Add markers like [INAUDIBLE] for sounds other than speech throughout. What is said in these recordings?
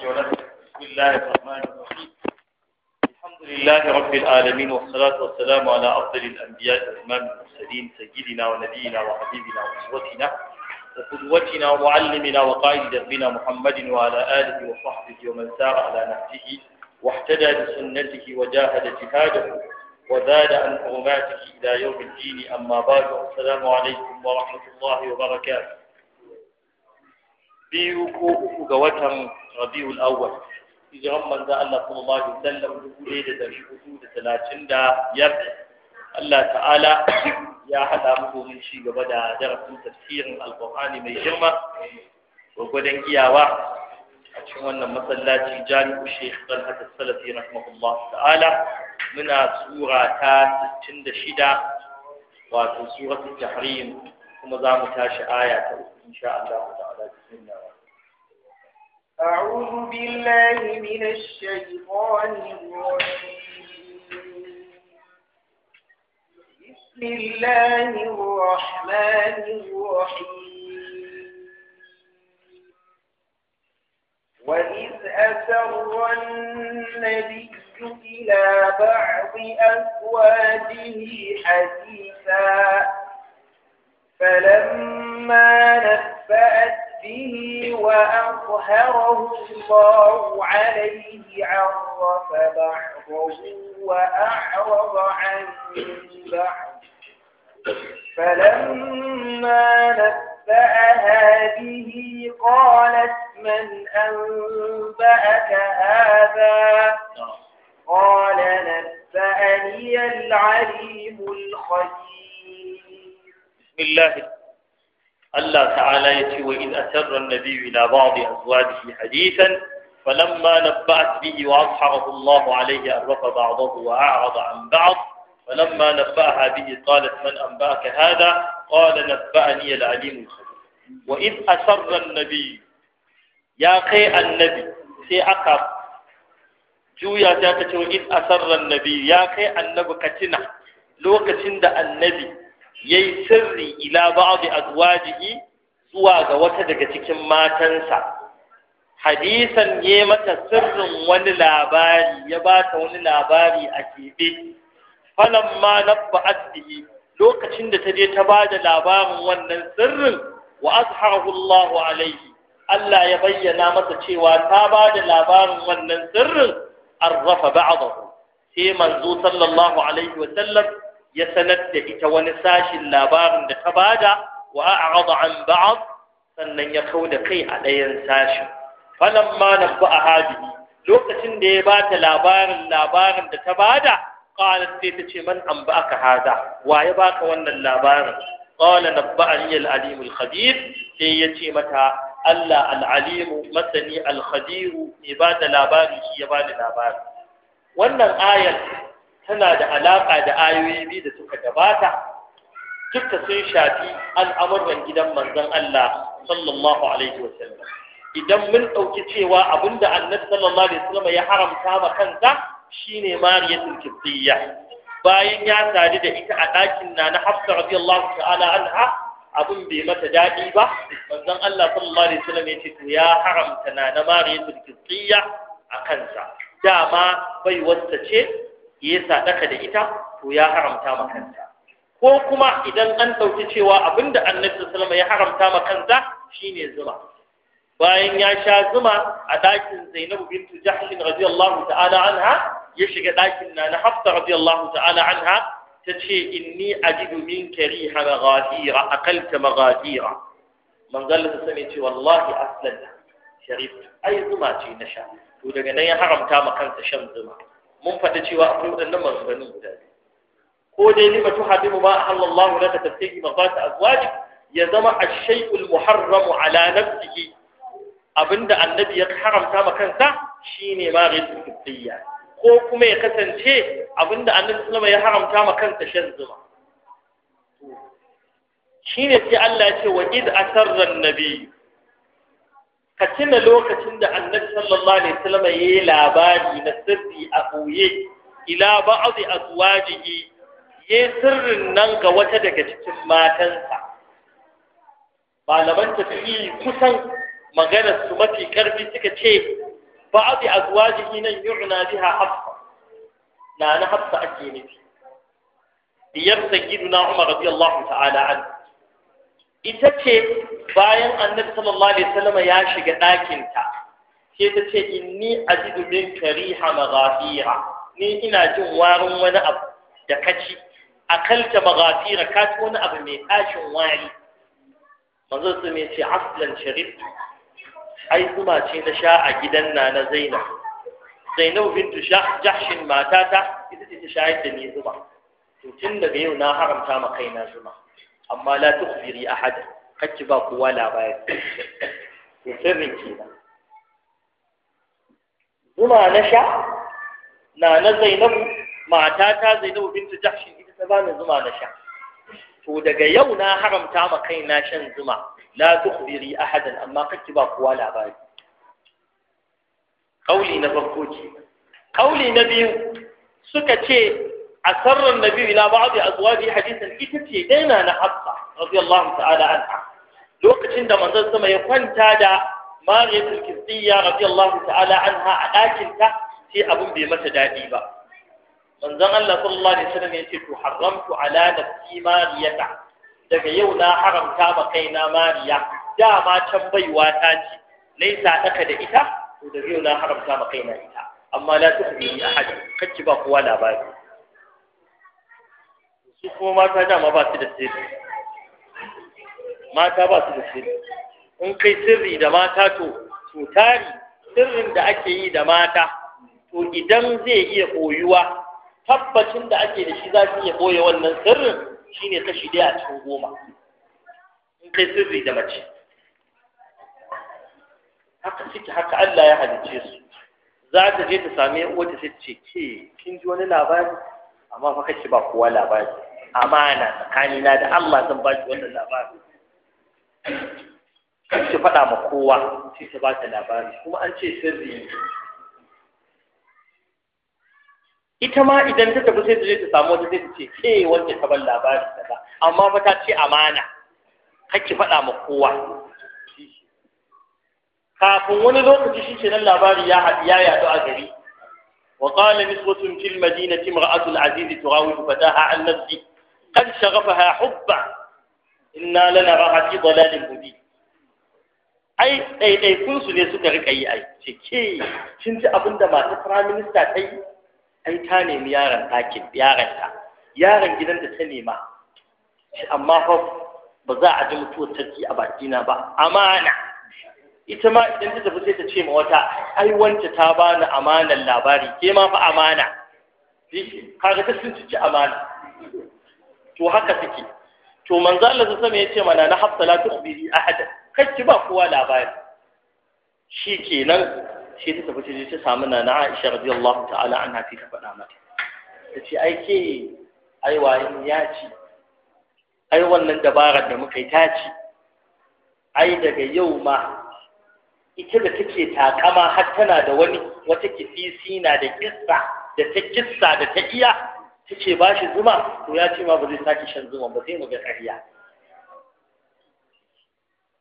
بسم الله الرحمن الرحيم الحمد لله رب العالمين والصلاة والسلام على أفضل الأنبياء وإمام المرسلين سيدنا ونبينا وحبيبنا وأسوتنا وقدوتنا ومعلمنا وقائد دربنا محمد وعلى آله وصحبه ومن سار على نهجه واحتدى بسنته وجاهد جهاده وزاد عن حرماته إلى يوم الدين أما بعد السلام عليكم ورحمة الله وبركاته biyu ko uku ga watan rabiul awwal hijiran manzo Allah sallallahu alaihi wasallam dubu ɗaya da dari hudu da talatin da biyar Allah ta'ala ya haɗa mu domin ci gaba da darasin tafsirin alƙur'ani mai girma gwagwadon iyawa a cikin wannan masallaci jami'u sheikh talhat salafi rahimahullah ta'ala muna sura ta 66 wato suratul tahrim kuma za mu tashi aya ta uku insha Allah أعوذ بالله من الشيطان الرجيم بسم الله الرحمن الرحيم وإذ أسر النبي إلى بعض أزواجه حديثا فلما نبأت به وأظهره الله عليه عرف بعضه وأعرض عن بعض فلما نبأها به قالت من أنبأك هذا قال نبأني العليم الخبير بسم الله Allah ta'ala ya ce wa in asarra nabi ila ba'di azwajihi hadithan falamma nabba'at bihi wa asharahu Allah alayhi arfa wa a'rada an ba'd falamma nabba'aha bihi qalat man anba'aka hadha qala nabba'ani al-alim wa in asarra nabi ya kai annabi sai aka juya ta ta ce asarra nabi ya kai annabi katina lokacin da annabi yayi sirri ila ba'd a zuwa ga wata daga cikin matansa hadisan ya mata sirrin wani labari ya ba ta wani labari a keɓe falan ma nabba'at bihi lokacin da ta je ta ba da labarin wannan sirrin wa azharahu alaihi Allah ya bayyana masa cewa ta ba da labarin wannan sirrin arrafa ba'dahu sai manzo sallallahu alaihi wa sallam ya sanar da ita wani sashin labarin da ta bada wa a'rada an ba'd sannan ya da kai a ɗayan sashin falamma a hadihi lokacin da ya bata labarin labarin da ta bada qalat sai ta ce man an ba'aka hada wa ya baka wannan labarin qala nabba'ani al-alim al-khabir sai ya ce mata Allah alalimu masani al-khabir ne bada labarin shi ya bani labari wannan ayar tana da alaƙa da ayoyi biyu da suka gabata duka sun shafi al'amuran gidan manzon Allah sallallahu alaihi wasallam idan mun ɗauki cewa abinda annabi sallallahu alaihi wasallam ya haramta ma kansa shine mariyatul kibtiyya bayan ya sadu da ita a ɗakin na na hafsa radiyallahu ta'ala anha abin bai mata daɗi ba manzon Allah sallallahu alaihi wasallam ya ce to ya haramta na na mariyatul kibtiyya a kansa dama bai wasta ce ya sadaka da ita to ya haramta ma kansa ko kuma idan an ɗauki cewa abinda annabi sallallahu ya haramta ma kansa shine zuma bayan ya sha zuma a ɗakin Zainabu bintu Jahsh radiyallahu ta'ala anha ya shiga ɗakin na Hafsa radiyallahu ta'ala anha ta ce inni ajidu min kariha maghadira akalta maghadira manzal ta sani ce wallahi aslan sharif ai zuma ce na sha to daga nan ya haramta ma kansa shan zuma mun faɗi cewa akwai waɗannan manzanni guda biyu ko dai ni lima tuhadimu ma ahallallahu laka tabtagi mafata azwaji ya zama ash muharramu ala nafsihi abinda annabi ya haramta ma kansa shine ma ghayru tabtiyya ko kuma ya kasance abinda annabi sallama ya haramta ma kansa shan zuma shine sai Allah ya ce wa id asarra an ka tuna lokacin da annabi sallallahu alaihi wasallam ya yi labari na sirri a ɓoye. ila ba'dhi azwajihi ya sirrin nan ga wata daga cikin matansa malaman tafiyi kusan maganar su mafi karfi suka ce ba'dhi azwajihi nan yu'na biha hafsa na na hafsa ake nufi diyar sayyiduna umar radiyallahu ta'ala anhu ita ce bayan annabi sallallahu alaihi wasallam ya shiga ɗakinta sai ta ce inni ajidu min kariha maghafira ni ina jin warin wani abu da kaci akalta maghafira ka ci wani abu mai tashin wari manzo su mai ce aslan sharif ai zuma ce na sha a gidan na na zainab zainab bintu jahshin matata ita ce ta shayar da ni zuma to tun daga yau na haramta ma kaina zuma amma la tukhbiri ahada kacci ba kowa labari to sirrin kenan zuma na sha na na zainabu mata ta zainabu bintu jahshin ita ta bani zuma na sha to daga yau na haramta ma kaina shan zuma la tukhbiri ahadan amma kacci ba kowa labari kauli na farko ce kauli na biyu suka ce أسر النبي إلى بعض أزواجه حديثا إتتي دينا نحصة رضي الله تعالى عنها لوقت عندما نزم يكون تادا مارية الكردية رضي الله تعالى عنها لكن تأتي أبو بمتى دائبة من زغ الله صلى الله عليه وسلم يقول حرمت على نفسي مارية daga yau na haramta ma kaina mariya dama can baiwa ta ce laisa taka da ita to daga yau na haramta ma kaina ita amma la tuhbi ahad kacci ba kowa labari su kuma mata dama ba su da sirri mata ba su da sirri in kai sirri da mata to to tari sirrin da ake yi da mata to idan zai iya koyuwa tabbacin da ake da shi za su iya koya wannan sirrin shine kashi daya a cikin goma in kai sirri da mace haka suke haka Allah ya halicce su za ta je ta same uwata sai ce ke kin ji wani labari amma fa kace ba kowa labari amana tsakanina da Allah zan ba shi wannan labari kan ki faɗa ma kowa shi ta ba ta labari kuma an ce sirri ita ma idan ta tafi sai ta je ta samu wata zai ta ce ke wanda ta ban labari ba, amma fa ta ce amana kan ki faɗa ma kowa kafin wani lokaci shi ce nan labari ya haɗu ya yaɗu a gari وقال نسوة في المدينة امرأة العزيز تراود فتاها عن نفسه قد شغفها حبا إنا لنراها في ضلال مبين ai kun su ne suka rika yi ai ce ke kin ji abin da masu prime minister ta yi ai ta nemi yaron ɗakin yaron ta yaron gidan da ta nema amma fa ba za a ji mutuwar tarki a bakina ba amana ita ma idan ta tafi sai ta ce ma wata ai wance ta bani amanan labari ke ma fa amana kaga ta sun ci amana to haka suke to manzo Allah sai sama yace mana na hafsa la tukhbiri ahada kacci ba kowa labari shikenan shi ta tafi ta samu na na Aisha radiyallahu ta'ala anha ta faɗa mata tace ai ke ai wayin ya ci ai wannan dabarar da muka yi ta ci ai daga yau ma ita da take takama har tana da wani wata kifisi na da kissa da ta kissa da ta iya ce ba shi zuma to ya ce ma ba zai sake shan zuma ba sai mu ga ƙarya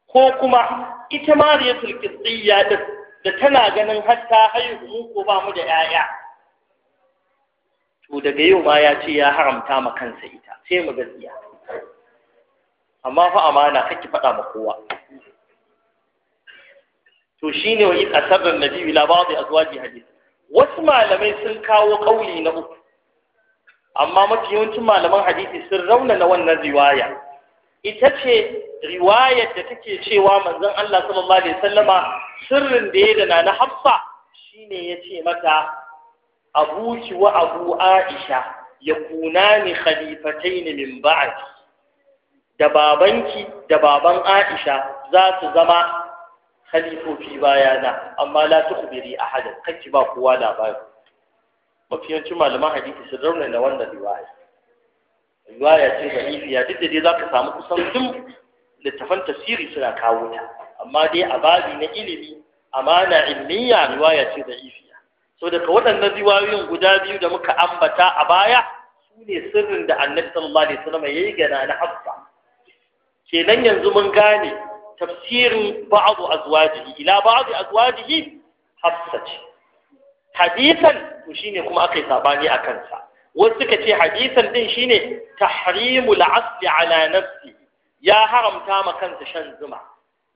ko kuma ita mariyatul qibtiyya din da tana ganin hatta haihu mu ko ba mu da 'ya'ya. to daga yau ma ya ce ya haramta ma kansa ita sai mu gaskiya amma fa amana kake faɗa ma kowa to shine wa in Asabar nabi ila ba'd azwaji hadith wasu malamai sun kawo kauli na uku amma mafi yawancin malaman hadisi sun raunana wannan riwaya ita ce riwayar da take cewa manzon Allah sallallahu alaihi wasallama sirrin da ya dana na Hafsa shine yace ce mata abuki wa abu Aisha ya ni khalifatain min ba'd da babanki da baban Aisha za su zama khalifofi bayana amma la tukhbiri ahadan kake ba kowa labari mafiyancin malaman hadisi su rauna na wannan riwaya riwaya ce da duk da dai za ka samu kusan duk littafan tasiri suna kawo ta amma dai a babi na ilimi amana ilmiya riwaya ce da ifiya so daga waɗannan riwayoyin guda biyu da muka ambata a baya su ne sirrin da annabi sallallahu alaihi wasallam gana na hafsa kenan yanzu mun gane tafsirin ba'adu azwajihi ila ba'adu azwajihi hafsa ce hadisan to shine kuma aka sabani a kansa wasu suka ce hadisan din shine tahrimu al'asli ala nafsi ya haramta ma kansa shan zuma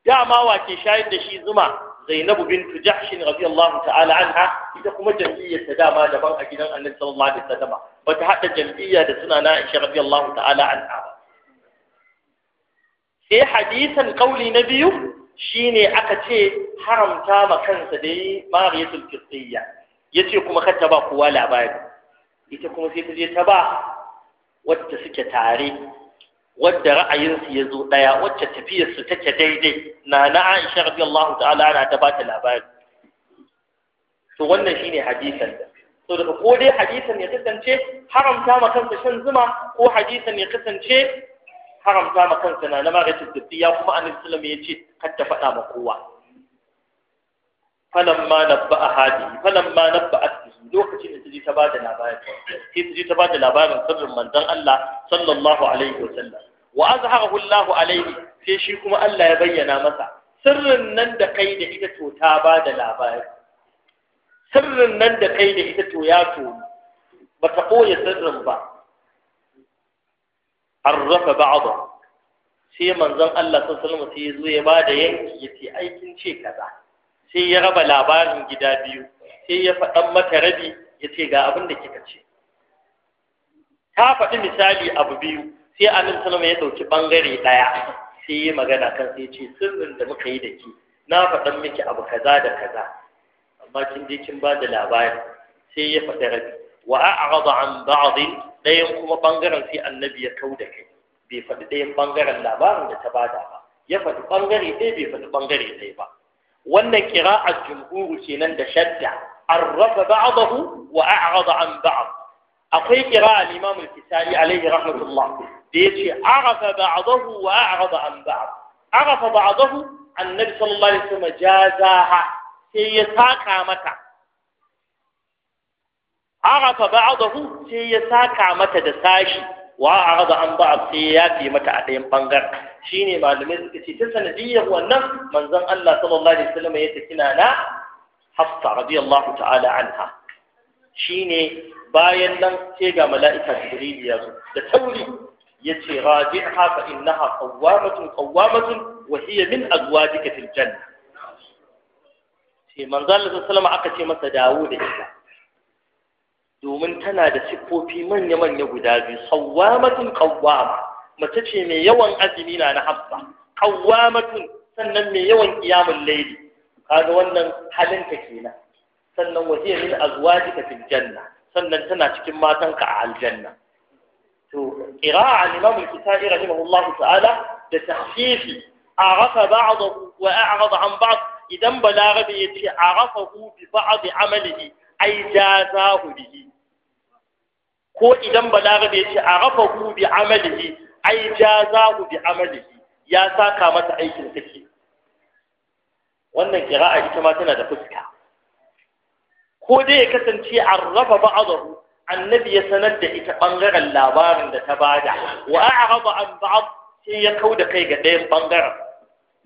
dama wa ke shayar da shi zuma Zainabu bintu Jahsh radiyallahu ta'ala anha ita kuma jam'iyyar ta dama daban a gidan Annabi sallallahu alaihi wasallam bata hada jam'iyya da suna na Aisha radiyallahu ta'ala anha sai hadisan kauli na biyu shine aka ce haramta ma kansa da yi mariyatul kirtiyya ya ce kuma kata ta ba kowa labari ita kuma sai ta je ta ba wadda suke tare wadda ra'ayinsu ya zo ɗaya wacce tafiyarsu take daidai na na aisha radiyallahu ta'ala ana ta bata labari to wannan shine hadisan to daga ko dai hadisan ya kasance haramta ma kansa shan zuma ko hadisan ya kasance haramta ma kansa na na mara dubbiya kuma annabi sallallahu alaihi wasallam ya ce kar ta faɗa ma kowa falamma nabba'a hadi falamma nabba'at lokacin da taje ta bada labarin sai taje ta bada labarin sirrin manzon Allah sallallahu alaihi wa sallam. wa azharahu Allah alaihi sai shi kuma Allah ya bayyana masa sirrin nan da kai da ita to ta bada labarin, sirrin nan da kai da ita to ya to bata koya sirrin ba arrafa ba'da sai manzon Allah sallallahu alaihi wasallam sai ya zo ya bada yanki yace aikin ce kaza sai ya raba labarin gida biyu sai ya faɗan mata rabi ya ce ga abin da kika ce ta faɗi misali abu biyu sai amin salama ya ɗauki ɓangare ɗaya sai yi magana kan sai ce sirrin da muka yi da ke na faɗan miki abu kaza da kaza amma kin je kin ba da labari sai ya faɗi rabi wa a'rada an ba'dhin ɗayan kuma ɓangaren sai annabi ya kau da kai bai faɗi ɗayan ɓangaren labarin da ta bada ba ya faɗi ɓangare ɗaya bai faɗi ɓangare ɗaya ba wannan qira'at jumhur kenan da shadda arrafa ba'dahu wa a'rada an ba'd akwai qira'a al-imam al-kisali alayhi rahmatullah da yace arafa ba'dahu wa a'rada an ba'd arafa ba'dahu annabi sallallahu alaihi wasallam jazaha sai ya saka mata arafa ba'dahu sai ya saka mata da sashi wa arada an ba sai ya fi mata a ɗayan bangar shine malamai suka ce ta sanadiyyar wannan manzon Allah sallallahu alaihi wasallam ya tafi na Hafsa radiyallahu ta'ala anha shine bayan nan sai ga mala'ika Jibril ya zo da tauri yace raji'ha fa innaha qawwamatun qawwamatun wa hiya min azwajika fil janna sai manzon Allah sallallahu alaihi wasallam aka ce masa dawo da ita domin tana da siffofi manya-manya guda biyu sawwamatun qawwama mace ce mai yawan azumi na hafsa qawwamatun sannan mai yawan qiyamul layli kaga wannan halin ta kenan sannan wa hiya min azwajika fil janna sannan tana cikin matanka a aljanna to qira'a al-imam al-kisa'i rahimahullahu ta'ala da tahfifi arafa ba'dahu wa a'rada an ba'd idan balarabi yace arafahu bi ba'd amalihi ai jazahu bihi ko idan balarabe ya ce a rafa ku bi amalihi ai ja za ku bi amalihi ya saka mata aikin take wannan kira'a ita ma tana da fuska ko dai ya kasance a rafa ba'adahu annabi ya sanar da ita bangaren labarin da ta bada wa a'rada an ba'd sai ya kauda kai ga ɗayan bangaren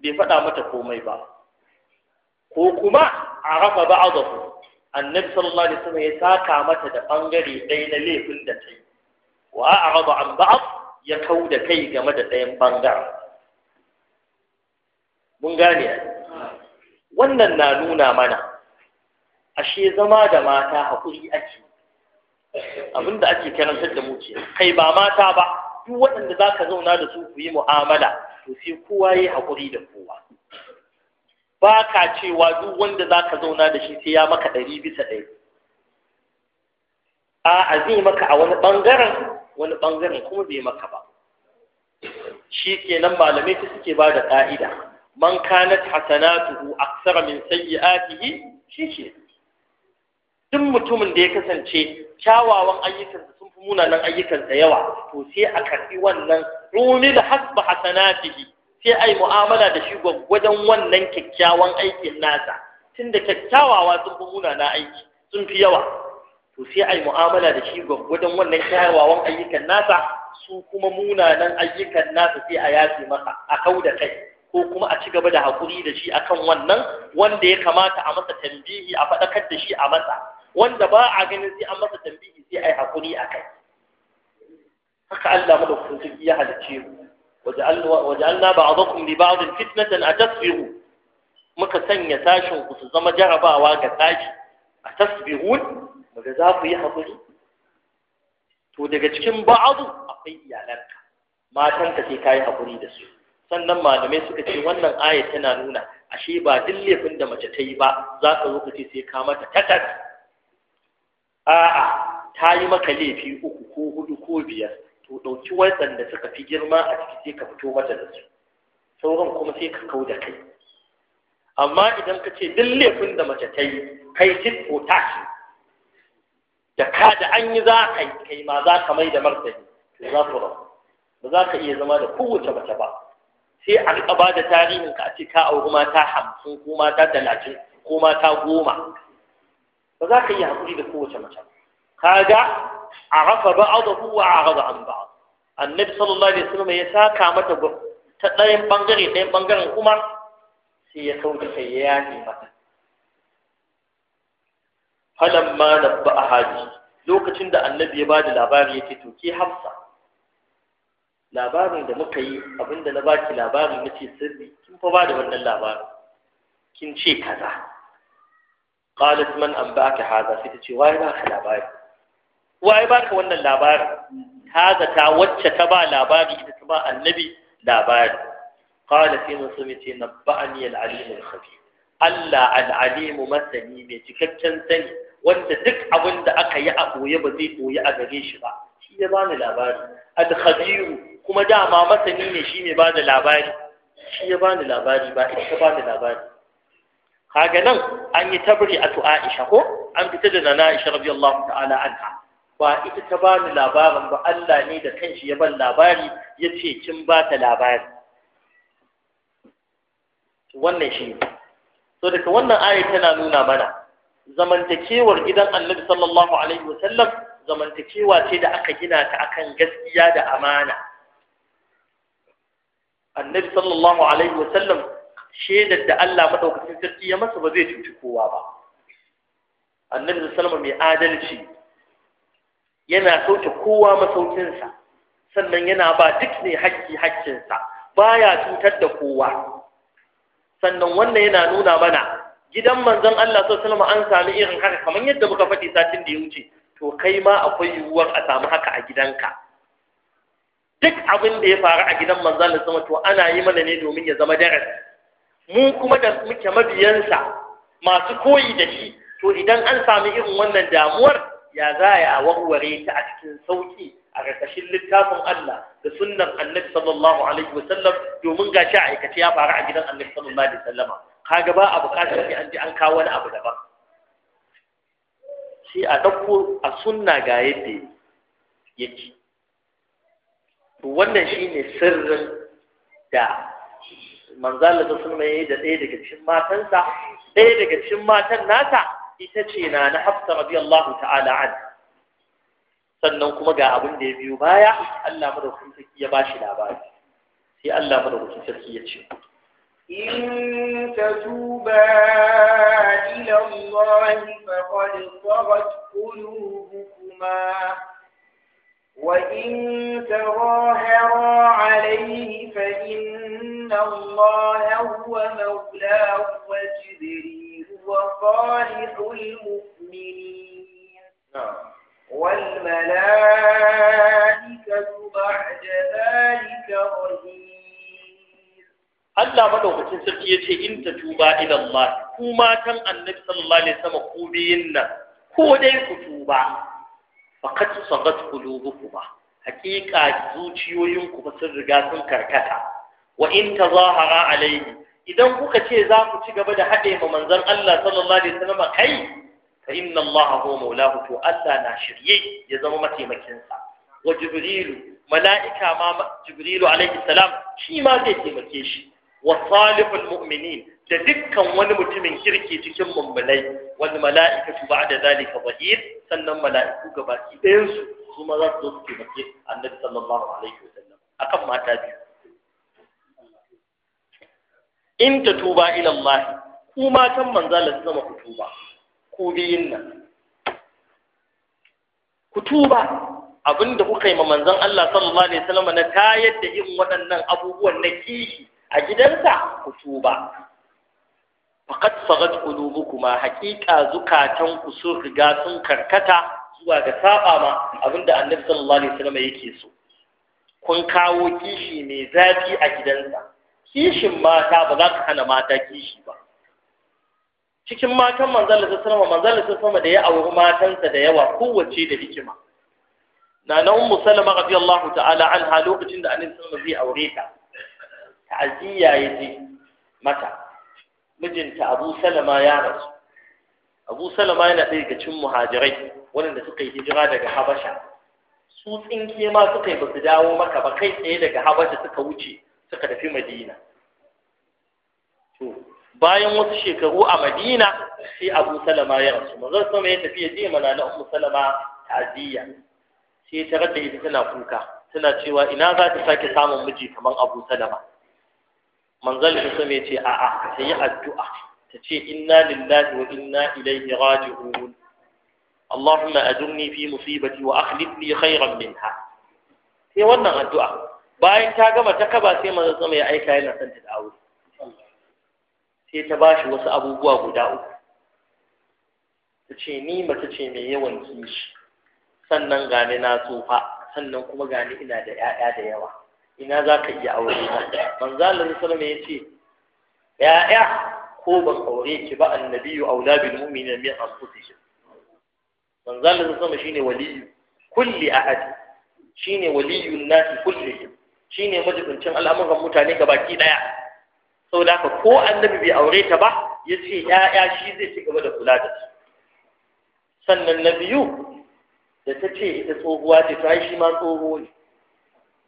bai faɗa mata komai ba ko kuma a rafa ba'adahu annabi sallallahu alaihi wasallam ya saka mata da bangare ɗaya na laifin da ta yi wa a'rada an ba'd ya kau da kai game da ɗayan bangaren mun gane wannan na nuna mana ashe zama da mata haƙuri ake abinda ake karantar da mu kai ba mata ba duk waɗanda za ka zauna da su ku yi mu'amala to sai kowa ya yi haƙuri da kowa ba ka cewa duk wanda za ka zauna da shi sai ya maka ɗari bisa ɗari a zai maka a wani ɓangaren wani ɓangaren kuma bai maka ba shi kenan malamai ta suke ba da ƙa'ida man kanat hasanatuhu aksara min sayyi'atihi shi ke duk mutumin da ya kasance kyawawan ayyukansa sun fi munanan ayyukansa yawa to sai a karɓi wannan rumil hasba hasanatihi sai a yi mu'amala da shi gwaggwadon wannan kyakkyawan aikin nasa tun da kyakkyawawa sun fi munana aiki sun fi yawa to sai ai mu'amala da shi gwaggwadon wannan kyakkyawan ayyukan nasa su kuma munanan ayyukan nasa sai a yafe masa a kau da kai ko kuma a ci gaba da haƙuri da shi akan wannan wanda ya kamata a masa tambihi a faɗakar da shi a masa wanda ba a ganin sai an masa tambihi sai a yi haƙuri a kai haka Allah madaukakin sarki ya halicce mu ba بعضكم fitnatan a أتصبروا muka sanya tashin ku su zama jarabawa ga tashi a tasbihun daga za ku yi haƙuri to daga cikin ba'adu akwai iyalanka ka sai ka yi haƙuri da su sannan malamai suka ce wannan aya tana nuna ashe ba duk laifin da mace ta yi ba za ka zo ka ce sai ka mata tatat a'a ta yi maka laifi uku ko hudu ko biyar to ɗauki waɗanda suka fi girma a ciki sai ka fito mata da su sauran kuma sai ka kau da kai amma idan ka ce duk laifin da mace ta yi kai cin ko tashi da ka da an yi za ka yi kai ma za ka mai da martani to za ku rabu ba za ka iya zama da kowace mace ba sai a riƙa ba da tarihin ka a ce ka auri mata hamsin ko mata talatin ko mata goma ba za ka iya haƙuri da kowace mace ba kaga arafa ba'dahu wa arada an ba'd annabi sallallahu alaihi wasallam ya saka mata ta ɗayan bangare ɗayan bangaren kuma sai ya kauce kai ya yafe mata falamma nabba'a haji lokacin da annabi ya ba da labari ya yake to ke hafsa labarin da muka yi abinda na baki labarin nace sirri kin fa ba da wannan labarin kin ce kaza qalat man anba'aka haza sai ta ce wai ba ka labari Waye ya baka wannan labari ta zata wacce ta ba labari ita ta ba annabi labari qala sai mun sami nabba'ani al-alim al-khabir Allah al-alim masani mai cikakken sani wanda duk abin da aka yi a boye ba zai boye a gare shi ba shi ya bani labari al-khabir kuma dama masani ne shi mai bada labari shi ya bani labari ba ita ta bani labari kaga nan an yi tabri a Aisha ko an fita da Nana Aisha radiyallahu ta'ala anha ba ita ta bani labarin ba Allah ne da kanshi ya ban labari ya ce kin ba ta labari wannan shi ne so daga wannan aya tana nuna mana zamantakewar gidan annabi sallallahu alaihi wasallam zamantakewa ce da aka gina ta akan gaskiya da amana annabi sallallahu alaihi wasallam shaidar da Allah madaukakin sarki ya masa ba zai cuci kowa ba annabi sallallahu alaihi wasallam mai adalci yana sauke kowa masaukinsa sannan yana ba duk ne haƙƙi ba ya cutar da kowa sannan wannan yana nuna mana gidan manzon Allah sau salama an sami irin haka kamar yadda muka faɗi satin da ya wuce to kai ma akwai yiwuwar a samu haka a gidanka duk abin da ya faru a gidan manzon Allah zama to ana yi mana ne domin ya zama darasi mu kuma da muke mabiyansa masu koyi da shi to idan an sami irin wannan damuwar ya za a warware ta a cikin sauki a ƙarƙashin littafin Allah da sunnar annabi sallallahu alaihi wa sallam domin ga shi a aikace ya faru a gidan annabi sallallahu alaihi wa sallama kaga ba a buƙatar sai an ji an kawo wani abu daban Shi a ɗauko a sunna ga yadda yake wannan shine sirrin da manzala ta sunna yayi da ɗaya daga cikin matansa ɗaya daga cikin matan nata ita ce na na hafsa radiyallahu ta'ala an sannan kuma ga abin da ya biyo baya Allah madaukakin sarki ya bashi labari sai Allah madaukakin sarki ya ce إن تتوبا إلى الله فقد صغت قلوبكما وإن تظاهرا عليه Allah الله هو مولاه وجبريل وصالح المؤمنين والملائكة بعد ذلك رهين Allah madaukakin sarki yace in ta tuba ila Allah ku matan Annabi sallallahu alaihi wasallam ku biyin nan ko dai ku tuba faqad sagat qulubukum hakika zuciyoyinku ba sun riga sun karkata wa in tazahara alaihi idan kuka ce za ku ci gaba da haɗe ma manzan Allah sallallahu alaihi wasallam kai fa inna Allah huwa maulahu to Allah na shirye ya zama mataimakinsa wa jibrilu mala'ika ma jibrilu alaihi salam shi ma zai taimake shi wa salihul mu'minin da dukkan wani mutumin kirki cikin mummunai wal mala'ikatu ba'da zalika zahir sannan mala'iku gabaki ɗayan su su ma za su zo su taimake annabi sallallahu alaihi wasallam akan mata biyu in ta tuba ila Allah ku matan da zama ku tuba ku biyin nan ku tuba abinda kuka yi ma manzan Allah sallallahu alaihi wasallam na ta yadda yin waɗannan abubuwan na kishi a gidansa ku tuba faqad sagat qulubukuma haqiqa zukatan ku sun riga sun karkata zuwa ga saba ma abinda annabi sallallahu alaihi wasallam yake so kun kawo kishi mai zafi a gidansa kishin mata ba za ka hana mata kishi ba cikin matan manzon Allah sallallahu alaihi da ya auri matansa da yawa kowace da hikima nana ummu salama radiyallahu ta'ala ha lokacin da annabi sallallahu zai aure ta ta'aziyya yaje mata mijinta abu salama ya rasu abu salama yana ɗaya daga cikin muhajirai waɗanda suka yi hijira daga habasha su tsinke ma suka yi ba su dawo maka ba kai tsaye daga habasha suka wuce suka tafi madina to bayan wasu shekaru a madina sai abu salama ya rasu manzon sama ya tafi ya je mana na ummu salama ta'ziya sai ta rada ita tana kuka tana cewa ina za ta sake samun miji kamar abu salama manzon da sama ya ce a'a ta yi addu'a ta ce inna lillahi wa inna ilaihi raji'un اللهم أجرني في مصيبتي وأخلف لي خيرا منها هي wannan addu'a bayan ta gama ta kaba sai manzo sama ya aika yana son ta da aure sai ta ba shi wasu abubuwa guda uku ta ce ni mace ce mai yawan kishi sannan gane na tsufa sannan kuma gane ina da 'ya'ya da yawa ina za ka iya aure na manzo Allah sallallahu ya ce ya'ya ko ban aure ki ba annabiyu aula bil mu'minina min anfusihim manzo Allah sallallahu shine waliyu kulli ahad shine waliyun nasi kullihim Shi shine majibincin al'amuran mutane gabaki Sau da haka ko annabi bai aure ta ba Ya ce ya'ya shi zai ci gaba da kula da su sannan na biyu da ta ce ita tsohuwa ce ta yi shi ma tsoho ne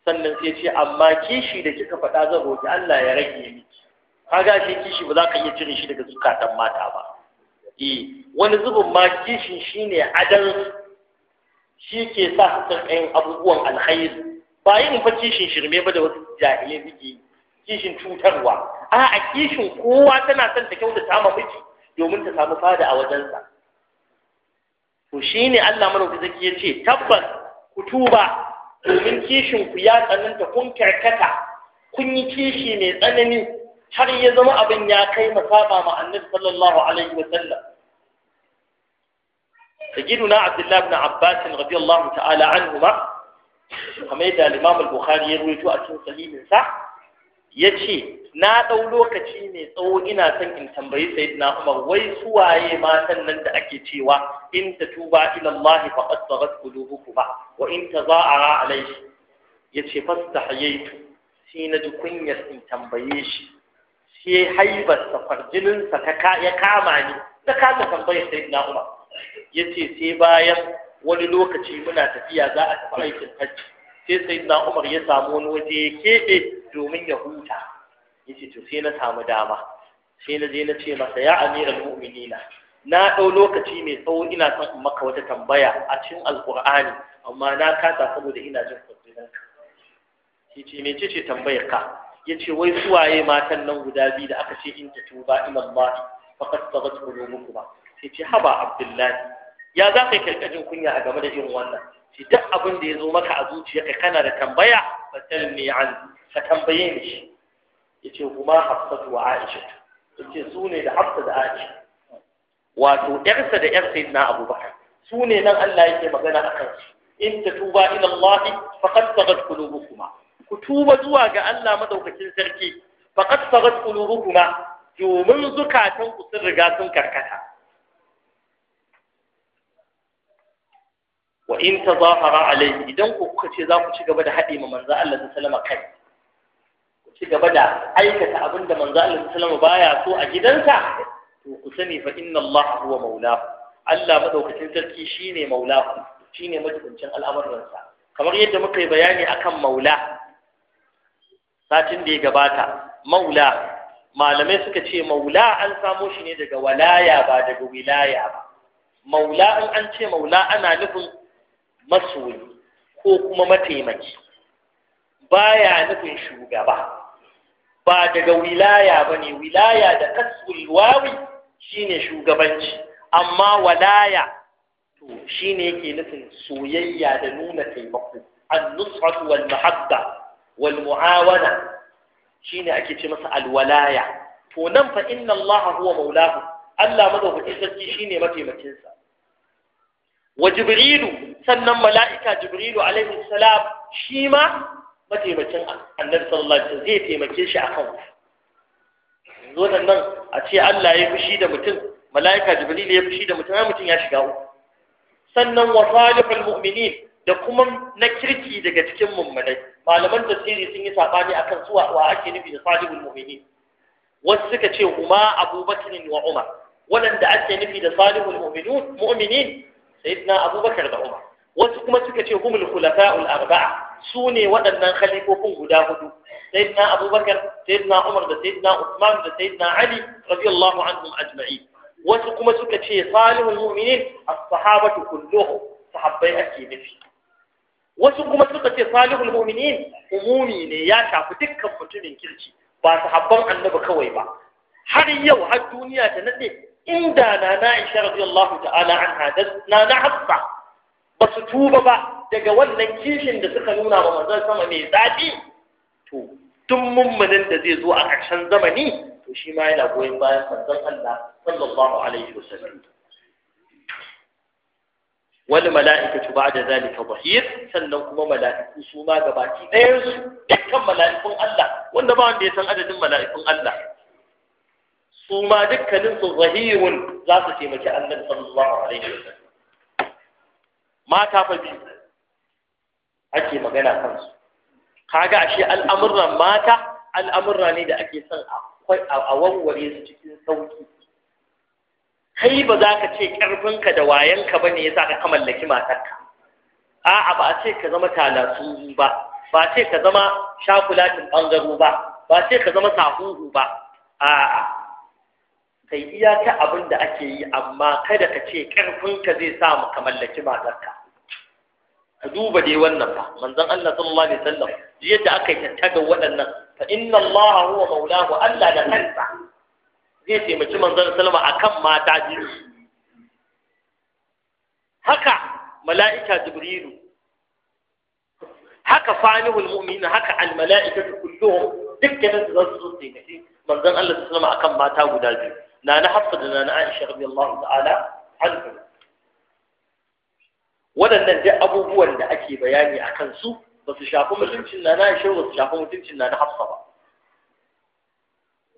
sannan sai ce amma kishi da kika faɗa zan roƙi Allah ya rage ni. Ka ga shi kishi ba za ka iya cire shi daga zukatan mata ba eh wani zubin ma kishin shine adan shi ke sa su yin abubuwan alkhairi ba yin fa kishin shirme ba da wasu jahilai suke kishin cutarwa a a kishin kowa tana son ta kyautata ma miji domin ta samu fada a wajensa to ne Allah madauki zaki ya ce tabbas ku tuba domin kishin ku ya tsananta kun karkata kun yi kishi mai tsanani har ya zama abin ya kai masaba ma annabi sallallahu alaihi wa sallam سيدنا عبد الله بن عباس رضي الله تعالى عنهما kamar yadda al-Imam al-Bukhari ya ruwaito a cikin sahihin yace na dau lokaci mai tsawo ina son in tambayi sayyidina Umar wai su suwaye matan nan da ake cewa in tuba ila Allah faqad ba, qulubukuma wa in tazaara alayhi yace fastahiyaitu shi na ji kunyar in tambaye shi sai haibar safar jinin sa ya kama ni da kama tambaye sayyidina Umar yace sai bayan wani lokaci muna tafiya za a tafi aikin hajji sai sai na umar ya samu wani waje ya keɓe domin ya huta ya ce to sai na samu dama sai na je na ce masa ya amiral mu'minina na ɗau lokaci mai tsawo ina son in maka wata tambaya a cikin alƙur'ani amma na kasa saboda ina jin kwanzinanka shi ce mai ce tambayar ka ya ce wai suwaye matan nan guda biyu da aka ce in ta tuba ila Allah faqad sabat ba. sai ce haba abdullahi ya za ka yi karkashin kunya a game da irin wannan shi duk abin da ya zo maka a zuciya zuciyarka kana da tambaya fatal ni an ka tambaye ni shi ce kuma hafsatu wa aisha Ya ce su ne da hafsa da aisha wato yarsa da yar sayyidina abubakar su ne nan Allah yake magana a su in tatuba ila Allah faqad sagat qulubukuma ku tuba zuwa ga Allah madaukakin sarki faqad sagat qulubukuma domin zukatan ku sun riga sun karkata wa in tazahara alayhi idan ku kuka ce za ku ci gaba da haɗe ma manzo Allah sallama kai ku ci gaba da aikata abin da manzo Allah sallama baya so a gidansa to ku sani fa inna Allah huwa maulahu Allah madaukakin sarki shine maulahu shine majibincin al'amuransa kamar yadda muka yi bayani akan maula satin da ya gabata maula malamai suka ce maula an samo shi ne daga walaya ba daga wilaya ba maula in an ce maula ana nufin masoyi ko kuma mataimaki baya nufin shugaba ba daga wilaya ba ne wilaya da kasul wawi shine shugabanci amma walaya to shine yake nufin soyayya da nuna taimako an-nusratu wal mahabba wal mu'awana shine ake ce masa alwalaya to nan fa inna Allah huwa maulahu Allah madaukakin sarki shine mataimakinsa wa jibrilu sannan mala'ika jibrilu alaihi salam shi ma mataimakin annabi sallallahu alaihi zai taimake shi a akan yanzu nan a ce Allah ya fushi da mutum mala'ika jibrilu ya fushi da mutum ai mutum ya shiga uku sannan wa salihul mu'minin da kuma na kirki daga cikin mummunai malaman tafsiri sun yi sabani akan su wa ake nufi da salihul mu'minin wasu suka ce huma abubakar wa umar waɗanda ake nufi da salihul mu'minin sayyidina abubakar da umar wasu kuma suka ce humul khulafa'ul arba'a su ne waɗannan khalifofin guda hudu sayyidina abubakar sayyidina umar da sayyidina usman da sayyidina ali radiyallahu anhum ajma'i wasu kuma suka ce salihul mu'minin as-sahabatu kulluhum sahabbai ake nufi wasu kuma suka ce salihul mu'minin umumi ne ya shafi dukkan mutumin kirki ba sahabban annabi kawai ba har yau har duniya ta nade inda na na Aisha radiyallahu ta'ala anha na na Hafsa ba su tuba ba daga wannan kishin da suka nuna ma manzon sama mai zafi to duk mummunin da zai zo a ƙarshen zamani to shi ma yana goyon bayan manzon Allah sallallahu alaihi wasallam wani mala'ikatu ba da zalika zahir sannan kuma mala'iku su ma gabaki ɗayan su dukkan mala'ikun Allah wanda ba wanda ya san adadin mala'ikun Allah su ma dukkanin su zahirun za su taimaki Allah sallallahu alaihi wasallam mata fa biyu ake magana kansu kaga ashe al'amuran mata al'amurra ne da ake son a warware su cikin sauki kai ba za ka ce ƙarfinka da wayanka ba ne ya sa ka mallaki matarka a'a ba a ce ka zama talatu ba ba ce ka zama shakulatin ɓangaro ba ba ce ka zama sahuhu ba a'a kai iya abin da ake yi amma kada ka ce ƙarfinka zai sa ka mallaki matarka duba dai wannan fa manzon Allah sallallahu alaihi wasallam yadda aka yi tattaga waɗannan fa inna Allah huwa maulahu Allah da kansa zai ce taimaki manzon sallama akan mata ji haka mala'ika jibrilu haka salihul mu'min haka al mala'ika kulluhum dukkanin da zasu su zo taimaki manzon Allah sallallahu alaihi wasallam akan mata guda biyu na na hafsa da na Aisha radiyallahu ta'ala anha waɗannan duk abubuwan da ake bayani a kansu ba su shafi mutuncin na Aisha ba su shafi mutuncin na Hafsa ba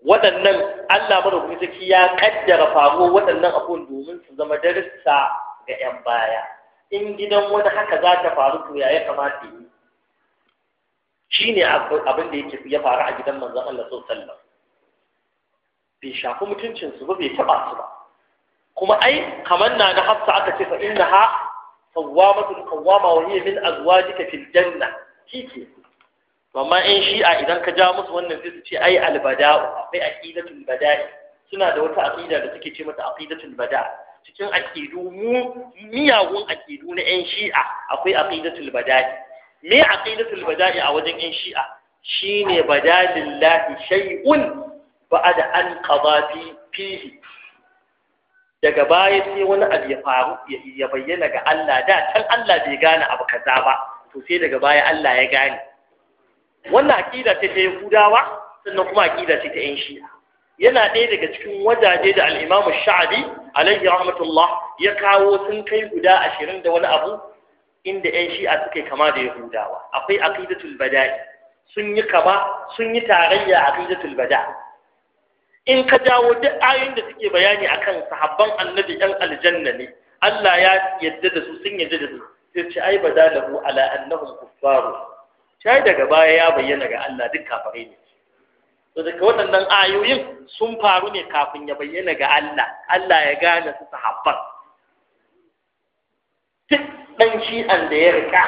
waɗannan Allah madaukakin saki ya kaddara faruwar waɗannan abubuwan domin su zama darussa ga 'yan baya in gidan wani haka za ta faru to ya kamata yi shi ne abin da yake ya faru a gidan manzon Allah Sallar. bai shafi mutuncinsu ba bai taɓa su ba kuma ai kamar na na hafsa aka ce fa ha? sawwamatul qawwama wa hiya min azwajika fil janna kike amma 'yan shi'a idan ka ja musu wannan sai su ce ai albada'u akwai aqidatul bada'i suna da wata aqida da suke ce mata aqidatul bada' cikin aqidu mu miyagun aqidu na yan shi'a akwai aqidatul bada'i me aqidatul bada'i a wajen yan shi'a shine badalillahi shay'un ba'da an qada fihi daga baya sai wani abu ya faru ya bayyana ga Allah da can Allah bai gane abu kaza ba to sai daga baya Allah ya gane wannan aqida ce ta Yahudawa sannan kuma aqida ce ta ƴan Shi'a yana ɗaya daga cikin wajaje da al-Imam Sha'abi alaihi rahmatullah ya kawo sun kai guda ashirin da wani abu inda ƴan Shi'a suka kama da Yahudawa akwai aqidatul bada'i sun yi kama sun yi tarayya aqidatul bada'i in ka jawo duk ayoyin da suke bayani akan sahabban annabi yan aljanna ne Allah ya yadda da su sun yadda da su sai ce ai badalahu ala annahum kuffaru sai daga baya ya bayyana ga Allah duk kafirai ne to daga waɗannan ayoyin sun faru ne kafin ya bayyana ga Allah Allah ya gane su sahabban duk dan shi'an da ya rika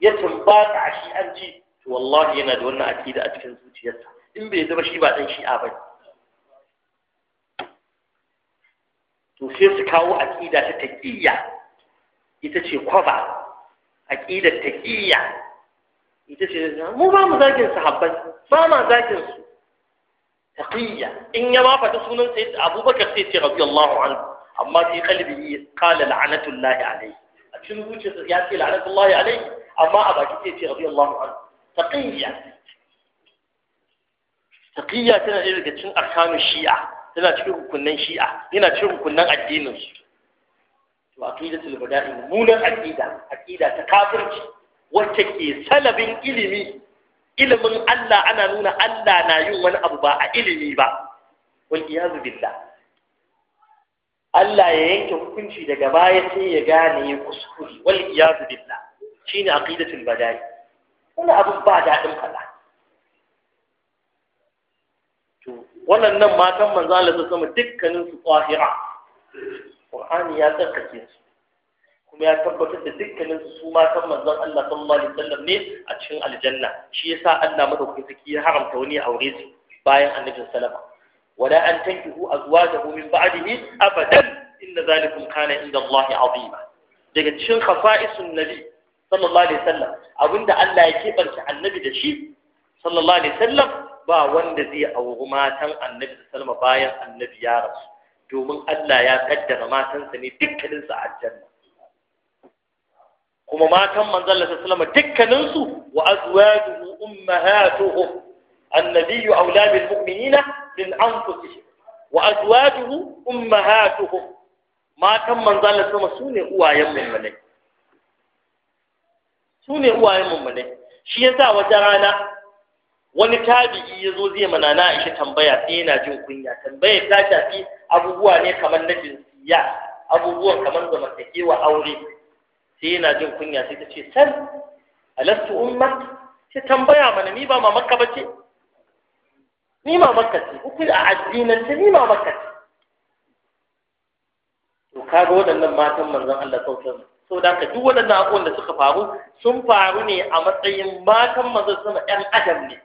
ya tumbata a shi'anci to wallahi yana da wannan akida a cikin zuciyarsa in bai zama shi ba dan shi'a bane to sai su kawo aƙida ta taƙiyya ita ce kwaba aƙidar taƙiyya ita ce mu ba mu zagin sahabbai ba ma zagin su taqiyya in ya ma faɗi sunan sai abubakar sai ce radiyallahu anhu amma fi qalbihi qala la'natullahi alayhi a cikin zuciyarsa ya ce la'natullahi alayhi amma a baki sai ce radiyallahu anhu taqiyya taqiyya tana daga cikin arkanun shi'a Yana cikin rukunnan shi'a yana cikin rukunnan addinin su to aqidatul bada'i mummunan aqida aqida ta kafirci wacce ke salabin ilimi ilimin Allah ana nuna Allah na yin wani abu ba a ilimi ba wal iyazu billah Allah ya yanke hukunci daga baya sai ya gane ya kuskure wal iyazu billah shine aqidatul bada'i wani abu ba daɗin faɗa waɗannan matan manzo Allah ta sama dukkanin su qahira Qur'ani ya tsarkake su kuma ya tabbatar da dukkanin su matan manzon Allah sallallahu alaihi wasallam ne a cikin aljanna shi yasa Allah madaukakin sarki ya haramta wani aure su bayan annabi sallama wala an tankihu azwajahu min ba'dihi abadan inna zalikum kana inda Allah azima daga cikin khafa'isun nabi sallallahu alaihi wasallam abinda Allah ya kebanta annabi da shi sallallahu alaihi wasallam ba wanda zai auri matan annabi da salma bayan annabi ya rasu domin Allah ya kaddara matansa ne dukkaninsu a aljanna kuma matan manzon Allah sallama dukkaninsu wa azwajuhu ummahatuhum annabiyyu aula bil mu'minina min anfusihim wa azwajuhu ummahatuhum matan manzon Allah salma sune uwayen mummunai sune uwayen mummunai shi yasa wajen rana wani tabi'i ya zo zai mana na aisha tambaya sai yana jin kunya tambayar ta shafi abubuwa ne kamar na jinsiya abubuwan kamar zamantakewa aure sai yana jin kunya sai ta ce san alastu umma sai tambaya mana ni ba mamaka ba ce ni mamaka ce kuma a addinance ni mamaka ce to kaga waɗannan matan manzon Allah sautar so da ka duk waɗannan abubuwan da suka faru sun faru ne a matsayin matan manzon sama ƴan adam ne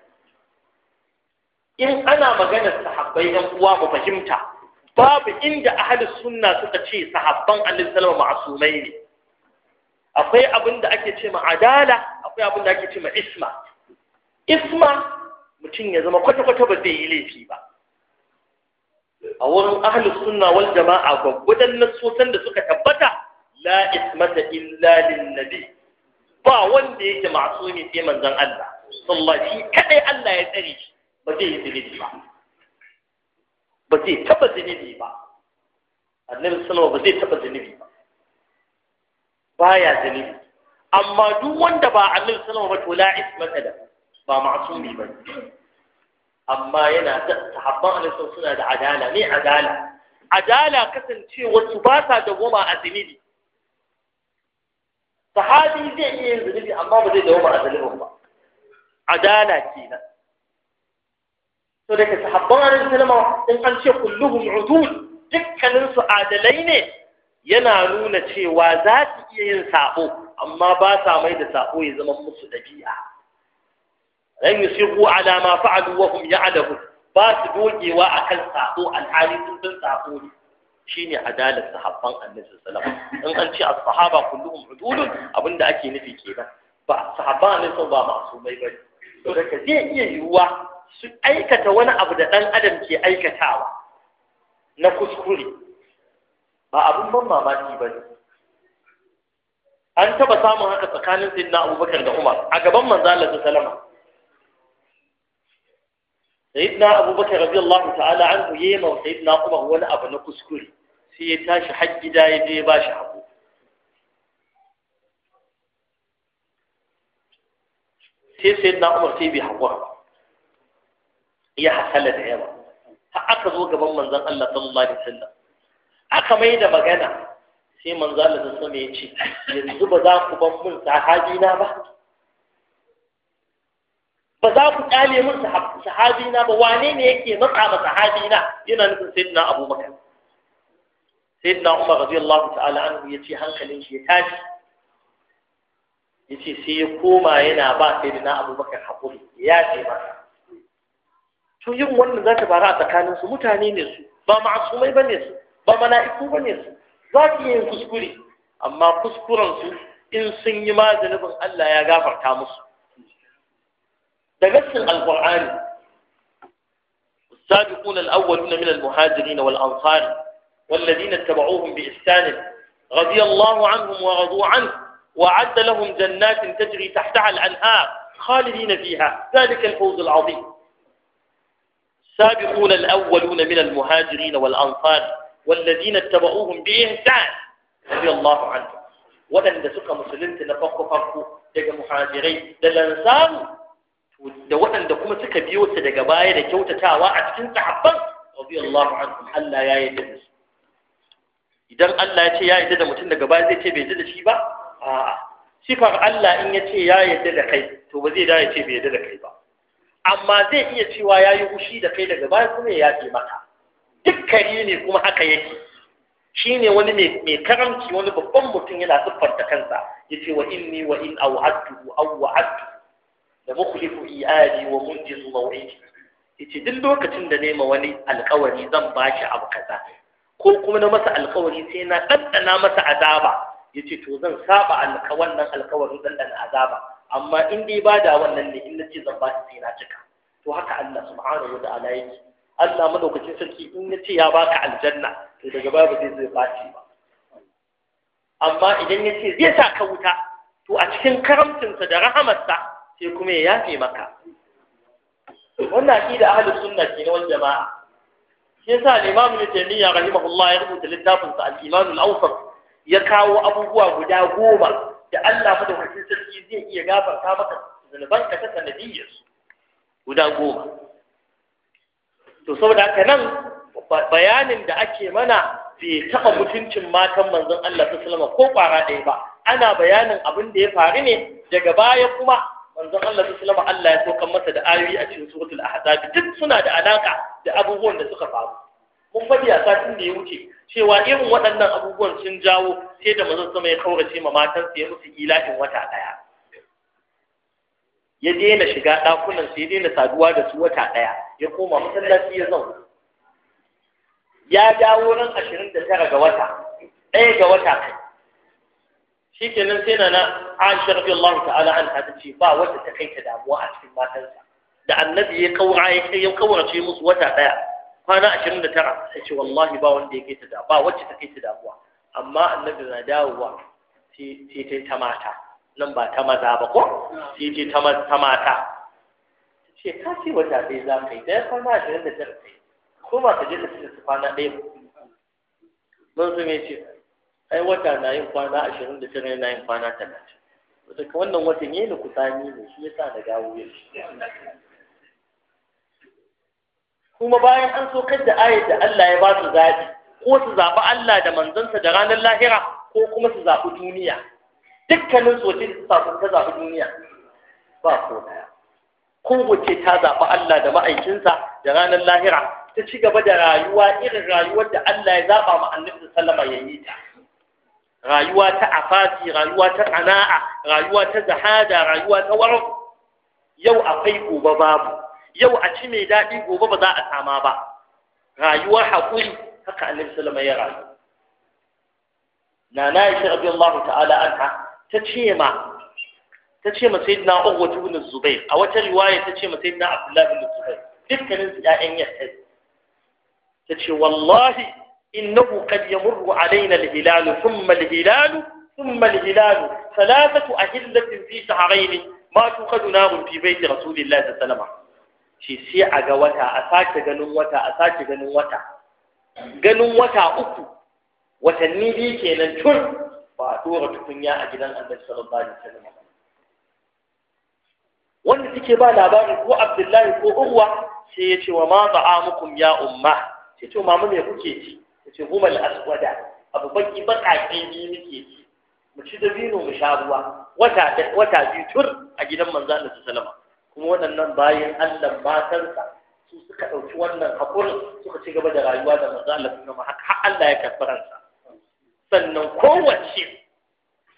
in ana maganar sahabbai yan uwa mu fahimta babu inda ahalus sunna suka ce sahabban annabi sallallahu ma'asumai ne akwai abin da ake ce ma adala akwai abin da ake ce ma isma isma mutum ya zama kwata-kwata ba zai yi laifi ba a wurin ahalus sunna wal jama'a gwaggwadon nasosan da suka tabbata la ismata illa na ba wanda yake masumi sai manzon Allah sallallahu alaihi kadai Allah ya tsare shi ba zai yi ba ba zai taba zunubi ba ba zai ba amma duk wanda ba ba amma yana da sahabban suna da adala adala adala kasancewar su ba sa dawoma a zunubi sahabi zai iya yin zunubi amma ba zai dawoma a zunubin ba adala kenan to daga sahabban annabi Salama in an ce kulluhum udul dukkanin su adalai ne yana nuna cewa za su iya yin sabo amma ba sa mai da sabo ya zama musu dabi'a Ran yusiqu ala ma fa'alu wa hum ya'lamun ba su dogewa akan sabo alhali sun san sabo ne shine adalar sahabban annabi sallallahu alaihi wasallam in an ce as-sahaba kulluhum udul abinda ake nufi kenan ba sahabban ne ba masu mai bane to daga zai iya yiwuwa su aikata wani abu da ɗan adam ke aikatawa na kuskure ba abin ban mamaki ba ne an taɓa samun haka tsakanin sayyidina abubakar da umar a gaban manzo da ta salama sayyidina abubakar radiyallahu ta'ala an yayi ma sayyidina umar wani abu na kuskure sai ya tashi haƙƙi da ya je ba bashi haƙuri sai sai na umar sai bai haƙura ba ya hasala da yawa har aka zo gaban manzon Allah sallallahu alaihi wasallam aka mai da magana sai manzon Allah sallallahu ya ce yanzu ba za ku ban mun sahabi na ba ba za ku kyale mun sahabi na ba wane ne yake matsa ma sahabi na yana nufin sayyidina abubakar sayyidina umar radiyallahu ta'ala anhu ya hankalin shi ya tashi ya ce sai ya koma yana ba sayyidina abubakar hakuri ya ce masa to yin wannan za ta bara a tsakaninsu mutane ne su ba ma'asumai ba ne su ba mala'iku ba ne su za ki yin kuskure amma kuskurensu in sun yi ma zanubin Allah ya gafarta musu da gaskin alƙur'ani السابقون الأولون من المهاجرين والأنصار والذين اتبعوهم بإحسان رضي الله عنهم ورضوا عنه وعد لهم جنات تجري تحتها الأنهار خالدين فيها ذلك الفوز العظيم السابقون الأولون من المهاجرين والأنصار والذين اتبعوهم بإحسان رضي الله عنهم waɗanda suka musulunta na farko-farko daga muhajirai da lansaru da waɗanda kuma suka biyo su daga baya da kyautatawa a cikin sahabban radiyallahu anhum Allah ya yarda da su idan Allah ya ce ya yarda da mutum daga baya zai ce bai yarda da shi ba a'a sifar Allah in ya ce ya da kai to ba zai da ya bai da kai ba amma zai iya cewa ya yi hushi da kai daga baya kuma ya taimaka. maka ne kuma haka yake shi ne wani mai karamci wani babban mutum yana siffanta kansa ya ce wa inni wa in au addu au wa addu da mukhlifu iyali wa munjizu maw'idi ce duk lokacin da nema wani alkawari zan bashi abu kaza ko kuma na masa alkawari sai na ɗanɗana masa azaba ce to zan saba wannan alkawarin ɗanɗana azaba amma in dai ba da wannan ne in nace zan ba sai na cika to haka Allah subhanahu ta'ala yake Allah madaukakin sarki in nace ya baka aljanna to daga babu zai zai baci ba amma idan yace zai sa ka wuta to a cikin karamcinsa da rahamarsa sai kuma ya yafe maka wannan da ahlus sunna ke wal jama'a shi yasa al-imam ibn taymiyyah rahimahullah ya rubuta littafin sa al-iman al-awsat ya kawo abubuwa guda goma da Allah da madaukakin sarki zai iya gafarta maka zunuban ka ta sanadiyyar su guda goma to saboda haka nan bayanin da ake mana bai taɓa mutuncin matan manzon Allah ta salama ko ƙwara ɗaya ba ana bayanin abin da ya faru ne daga baya kuma manzon Allah ta salama Allah ya saukan masa da ayoyi a cikin suratul ahzab duk suna da alaka da abubuwan da suka faru mun faɗi a satin da ya wuce cewa irin waɗannan abubuwan sun jawo sai da mazan sama ya kaurace ma matansa ya musu ila'in wata ɗaya ya daina shiga ɗakunan sai ya daina saduwa da su wata ɗaya ya koma masallaci ya zauna ya dawo ran ashirin da tara ga wata ɗaya ga wata kai shi kenan sai na aisha radiyallahu ta'ala an ta ce ba wanda ta kai ta damuwa a cikin matansa da annabi ya kaura ya kai ya kaurace musu wata ɗaya kwana ashirin da tara sai ce wallahi ba wanda ya kai ta ba wacce ta kai ta damuwa amma annabi na dawowa sai ta ta mata nan ba ta maza ba ko sai ta ta mata ta ce ka ce wata sai za ka yi ɗaya kwana ashirin da tara ta yi ko ba ta je ta su kwana ɗaya mun su me ce ai wata na yin kwana ashirin da tara na yin kwana talatin daga wannan watan yi ni kusani ne shi yasa da gawo shi. kuma bayan an kai da ayat da Allah ya ba su zaɓi ko su zaɓi Allah da manzansa da ranar lahira ko kuma su zaɓi duniya dukkanin sojin su ta zaɓi duniya ba ko daya kowace ta zaɓi Allah da ma'aikinsa da ranar lahira ta ci gaba da rayuwa irin rayuwar da Allah ya zaɓa ma annabi sallama ya yi ta rayuwa ta afasi rayuwa ta ana'a rayuwa ta zahada rayuwa ta warau yau akwai gobe babu yau a ci mai daɗi gobe ba za a sama ba rayuwar haƙuri haka annabi sallama ya rayu nana aisha radiyallahu ta'ala anha ta ce ma ta ce ma sayyidina Urwa ibn Zubair a wata riwaya ta ce ma sayyidina Abdullah ibn Zubair dukkanin su ƴaƴan yasai ta ce wallahi innahu qad yamurru alaina al-hilal thumma al-hilal thumma al-hilal thalathatu ahillatin fi shahrayn ma tuqadu narun fi bayti rasulillahi sallallahu alaihi wasallam ce sai a ga wata a sake ganin wata a sake ganin wata ganin wata uku watanni biyu kenan tun ba a dora tukunya a gidan annabi sallallahu alaihi wasallam wanda suke ba labarin ko abdullahi ko urwa sai ya ce wa ma ta'amukum ya umma sai to mama me kuke ci ya ce humal aswada abu baki ke biyu muke ci mu ci dabino mu sha ruwa wata biyu tur a gidan manzo Allah sallallahu alaihi wasallam kuma waɗannan bayan Allah matansa su suka ɗauki wannan haƙurin suka ci gaba da rayuwa da manzo Allah sun haka Allah ya karɓi ransa sannan kowace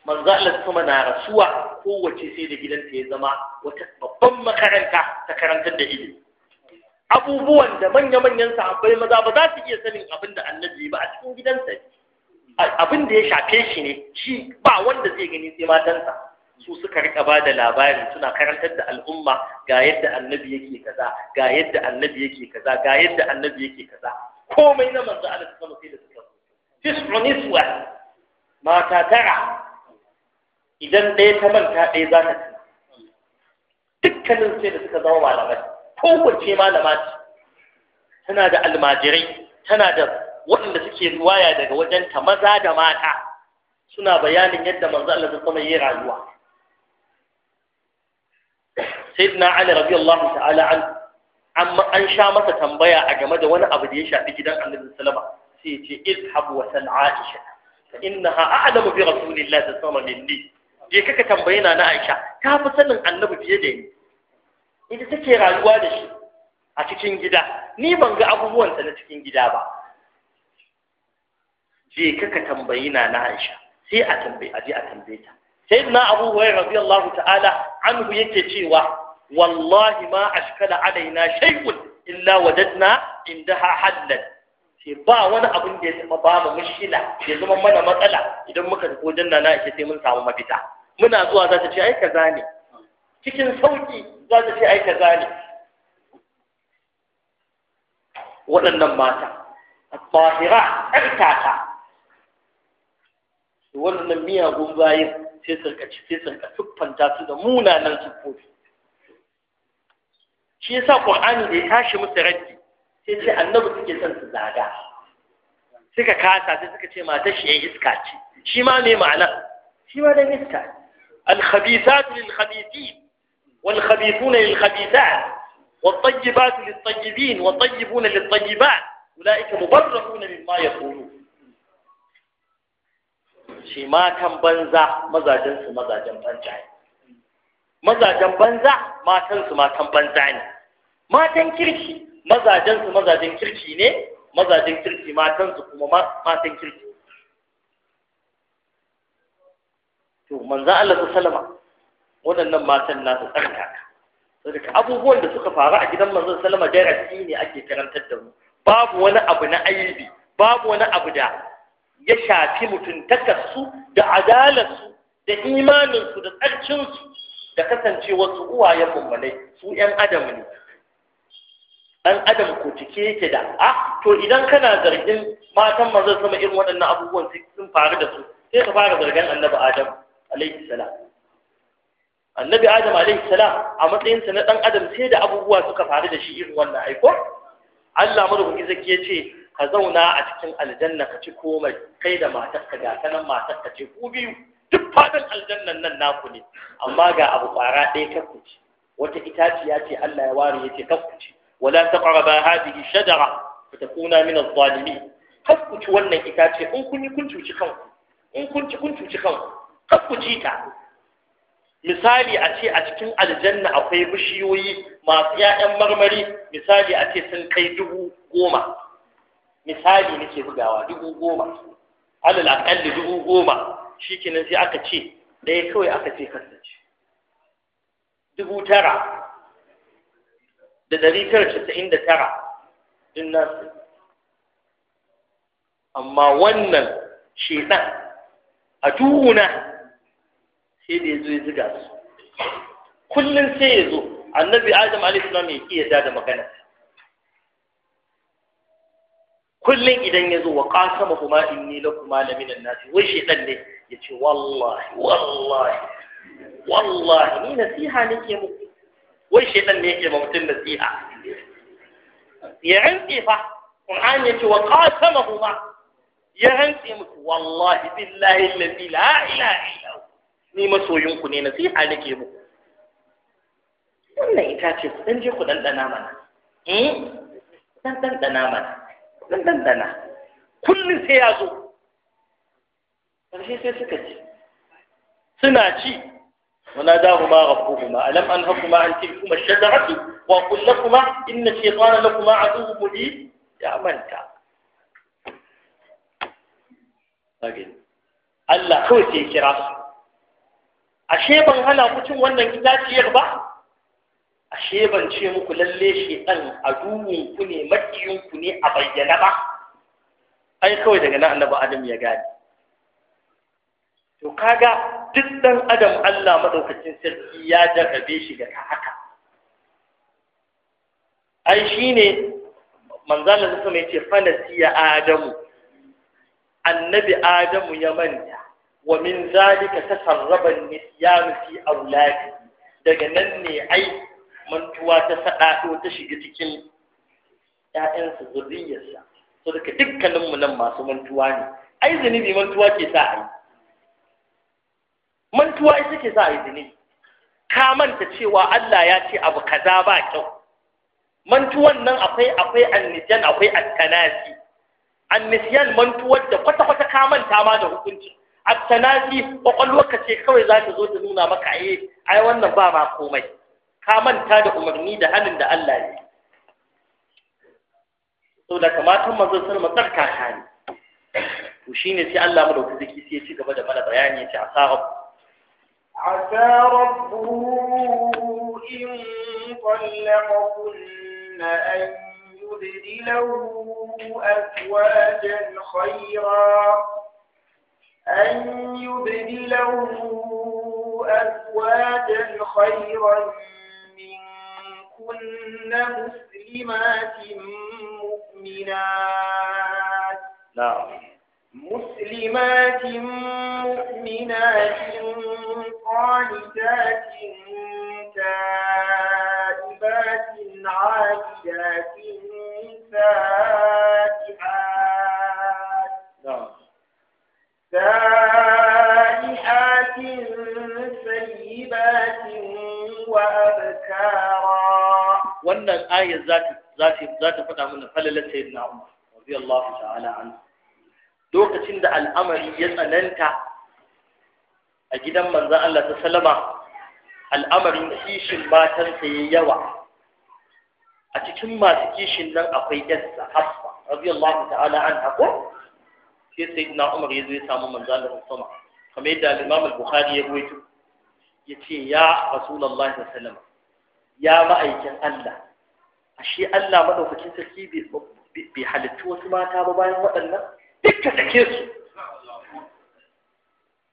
manzo Allah kuma na rasuwa kowace sai da gidanta ya zama wata babban makaranta ta karantar da ilimi abubuwan da manya-manyan sahabbai maza ba za su iya sanin abin da annabi ba a cikin gidansa abin da ya shafe shi ne shi ba wanda zai gani sai matansa su suka rika ba da labari suna karantar da al'umma ga yadda annabi yake kaza ga yadda annabi yake kaza ga yadda annabi yake kaza komai na manzo Allah ta sama sai da suka tisru niswa mata tara idan ɗaya ta manta ɗaya za ta ci dukkanin sai da suka zama malamai kowace malama ce tana da almajirai tana da waɗanda suke ruwaya daga wajenta maza da mata suna bayanin yadda manzo Allah ta sama yi rayuwa sayyidina ali radiyallahu ta'ala an amma an sha masa tambaya a game da wani abu da ya shafi gidan annabi sallama sai ya ce izhab wa sal aisha fa innaha a'lamu bi rasulillahi sallallahu alaihi wasallam minni je kaka tambaye na na aisha ta fi sanin annabi fiye da ni ita take rayuwa da shi a cikin gida ni ban ga abubuwansa na cikin gida ba je kaka tambayi na na Aisha sai a tambaye aje a tambaye ta sayyidina Abu Hurairah radiyallahu ta'ala anhu yake cewa wallahi ma ashkala alaina shay'un illa wajadna indaha hallan sai ba wani abin da ya taba ba mu mushkila ya zama mana matsala idan muka tafi wajen nana ake sai mun samu mafita muna zuwa za ta ce ai kaza ne cikin sauki za ta ce ai kaza ne waɗannan mata at-tahira tsarkaka wannan miyagun bayin sai sarka sai sarka siffanta su da munanan siffofi shi yasa qur'ani da ya tashi musu raddi sai sai annabi suke son su zaga suka kasa sai suka ce mata shi ya iska ce shi ma me ma'ana shi ma dan iska al-khabithatu lil-khabithin wal-khabithuna lil-khabithat والطيبات للطيبين والطيبون للطيبات أولئك مبرئون مما يقولون shi matan banza mazajensu mazajen banza ne mazajen banza matansu matan banza ne matan kirki mazajensu mazajen kirki ne mazajen kirki matansu kuma matan kirki to manzo Allah su salama waɗannan matan na su tsarkaka saboda abubuwan da suka faru a gidan manzo salama darasi ne ake karantar da mu babu wani abu na aibi babu wani abu da ya shafi mutuntakarsu da adalarsu da imaninsu da tsarkinsu da kasancewa su uwayen mummalai su 'yan adam ne Ɗan adam ko cike yake da a ah, to idan kana zargin matan manzo sama irin waɗannan abubuwan sun faru da su sai ka fara zargin annabi adam alaihi salam annabi adam alaihi salam a matsayinsa na ɗan adam sai da abubuwa suka faru da shi irin wannan aiko Allah madaukakin zaki ya ce ka zauna a cikin aljanna ka ci komai kai da matarka ga kanan matarka ce ku biyu duk fadin aljannan nan naku ne amma ga abu kwara ɗaya kakku ci wata itaciya ce Allah ya ware ya ce kakku ci ولا تقربا هذه الشجرة فتكونا من الظالمين kar ku ci wannan itace in kun yi kun cuci kanku in kun ci kun cuci kanku kar ku ci ta misali a ce a cikin aljanna akwai bishiyoyi masu 'ya'yan marmari misali a ce sun kai dubu goma misali nake bugawa dubu goma alal akalli dubu goma shikenan sai aka ce ɗaya kawai aka ce kasance dubu tara da ɗari tara casa'in da tara din nasu amma wannan shaidan a duhuna sai da ya zo ya ziga su kullum sai ya zo annabi adam alaihi salam ya ki da magana kullum idan ya zo wa qasama kuma inni ma la minan nasi wai shaidan ne ya ce wallahi wallahi wallahi ni nasiha nake muku wai shaitan ne yake ma mutum nasiha ya rantse fa Qur'an ya ce wa qasamahuma ya rantse musu, wallahi billahi allazi la ilaha illa ni masoyin ku ne nasiha nake muku wannan ita ce ku dan je ku hmm? dan dana mana eh dan dan dana mana dan dan dana kullun sai ya zo ƙarshe sai suka ci suna ci وناداهما ربهما ألم أنهكما عن تلكما الشجرة وأقول لكما إن الشيطان لكما عدو مبين يا من Allah kawai sai ya kira su ashe ban hana ku cin wannan itaciyar ba ashe ban ce muku lalle shi ɗan aduwun ne makiyin ku ne a bayyana ba ai kawai daga nan annabi Adam ya gane to kaga duk dan adam Allah madaukakin sarki ya jarrabe shi ga haka ai shine manzalin sama yace fanasiya adamu annabi adamu ya manta wa min zalika tasarraba nisyanu fi auladi daga nan ne ai mantuwa ta sadado ta shiga cikin ƴaƴansa zuriyarsa so daga dukkaninmu nan masu mantuwa ne ai zunubi mantuwa ke sa ai mantuwa ita ke sa a yi zini ka manta cewa Allah ya ce abu kaza ba kyau mantuwan nan akwai akwai annisyan akwai attanasi annisyan mantuwar da kwata kwata ka manta ma da hukunci attanasi ka ce kawai za ta zo ta nuna maka ai eh, ai wannan ba ma komai ka manta da umarni da halin da Allah ya yi so da kamatan manzon sallama tsarkaka ne to shine sai Allah wata zaki sai ya ci gaba da mana bayani ya ce asara عسى ربه إن طلقكن أن يبدله أزواجا خيرا أن يبدله أزواجا خيرا منكن مسلمات مؤمنات نعم مسلمات مؤمنات قانتات تائبات عابدات فاتحات نعم. سائحات سيبات وأبكارا وأن الآية ذات ذات ذات فتح من فللت سيدنا عمر رضي الله تعالى عنه lokacin da al'amari ya tsananta a gidan manzan Allah ta salama al'amarin kishin matansa ya yawa a cikin masu kishin nan akwai yarsa hafsa radiyallahu ta'ala an hako sai sai na umar ya zo ya samu manzan Allah sama kamar yadda al al-bukhari ya rawaito ya ce ya Rasulallah ta salama. ya ma'aikin Allah ashe Allah madaukakin sarki bai halittu wasu mata ba bayan waɗannan duk ka sake su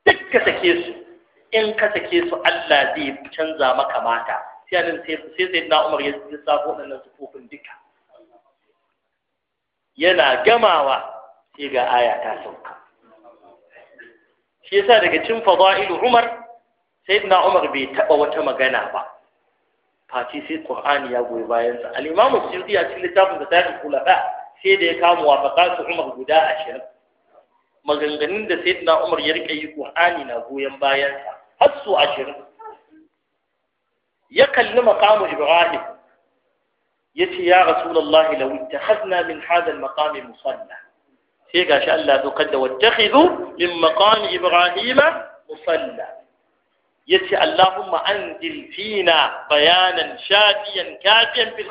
duk ka sake su in ka sake su Allah zai canza maka mata sai nan sai sai na Umar ya sako waɗannan sufofin duka yana gamawa sai ga aya ta sauka shi yasa daga cin fada'ilu Umar sayyidina Umar bai taba wata magana ba Fati sai Qur'ani ya goyi bayansa. sa al-Imam Suyuti ya cikin littafin da kula kulafa sai da ya kama wafaka su umar guda ashirin maganganun da sai na umar ya rika yi ƙur'ani na goyon bayansa har su ashirin ya kalli makamu ibrahim ya ce ya rasulallah lau na min hadha al-maqami musalla sai shi Allah dokar da wattakhidhu min maqami ibrahima musalla yace Allahumma anzil fina bayanan shafiyan kafiyan bil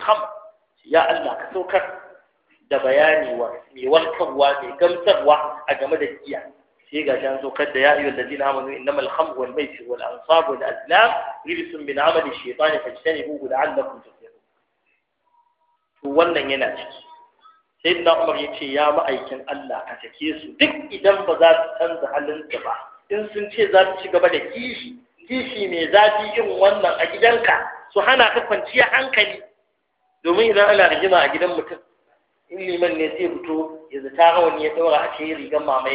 ya Allah ka saukar da bayani wa mai warkarwa mai gamsarwa a game da giya sai ga shan so kadda ya ayyuhal ladina amanu innamal khamru wal maisir wal ansab wal azlam rijsun min amali shaytani fajtanibuhu la'allakum tuflihun to wannan yana ciki Sai umar ya ce ya ma'aikin Allah ka take su duk idan ba za su canza halinsu ba in sun ce za su ci gaba da kishi kishi mai zafi irin wannan a gidanka su hana ka kwanciya hankali domin idan ana rigima a gidan mutum in liman ne zai fito ya zata rawani ya daura a ce rigar mama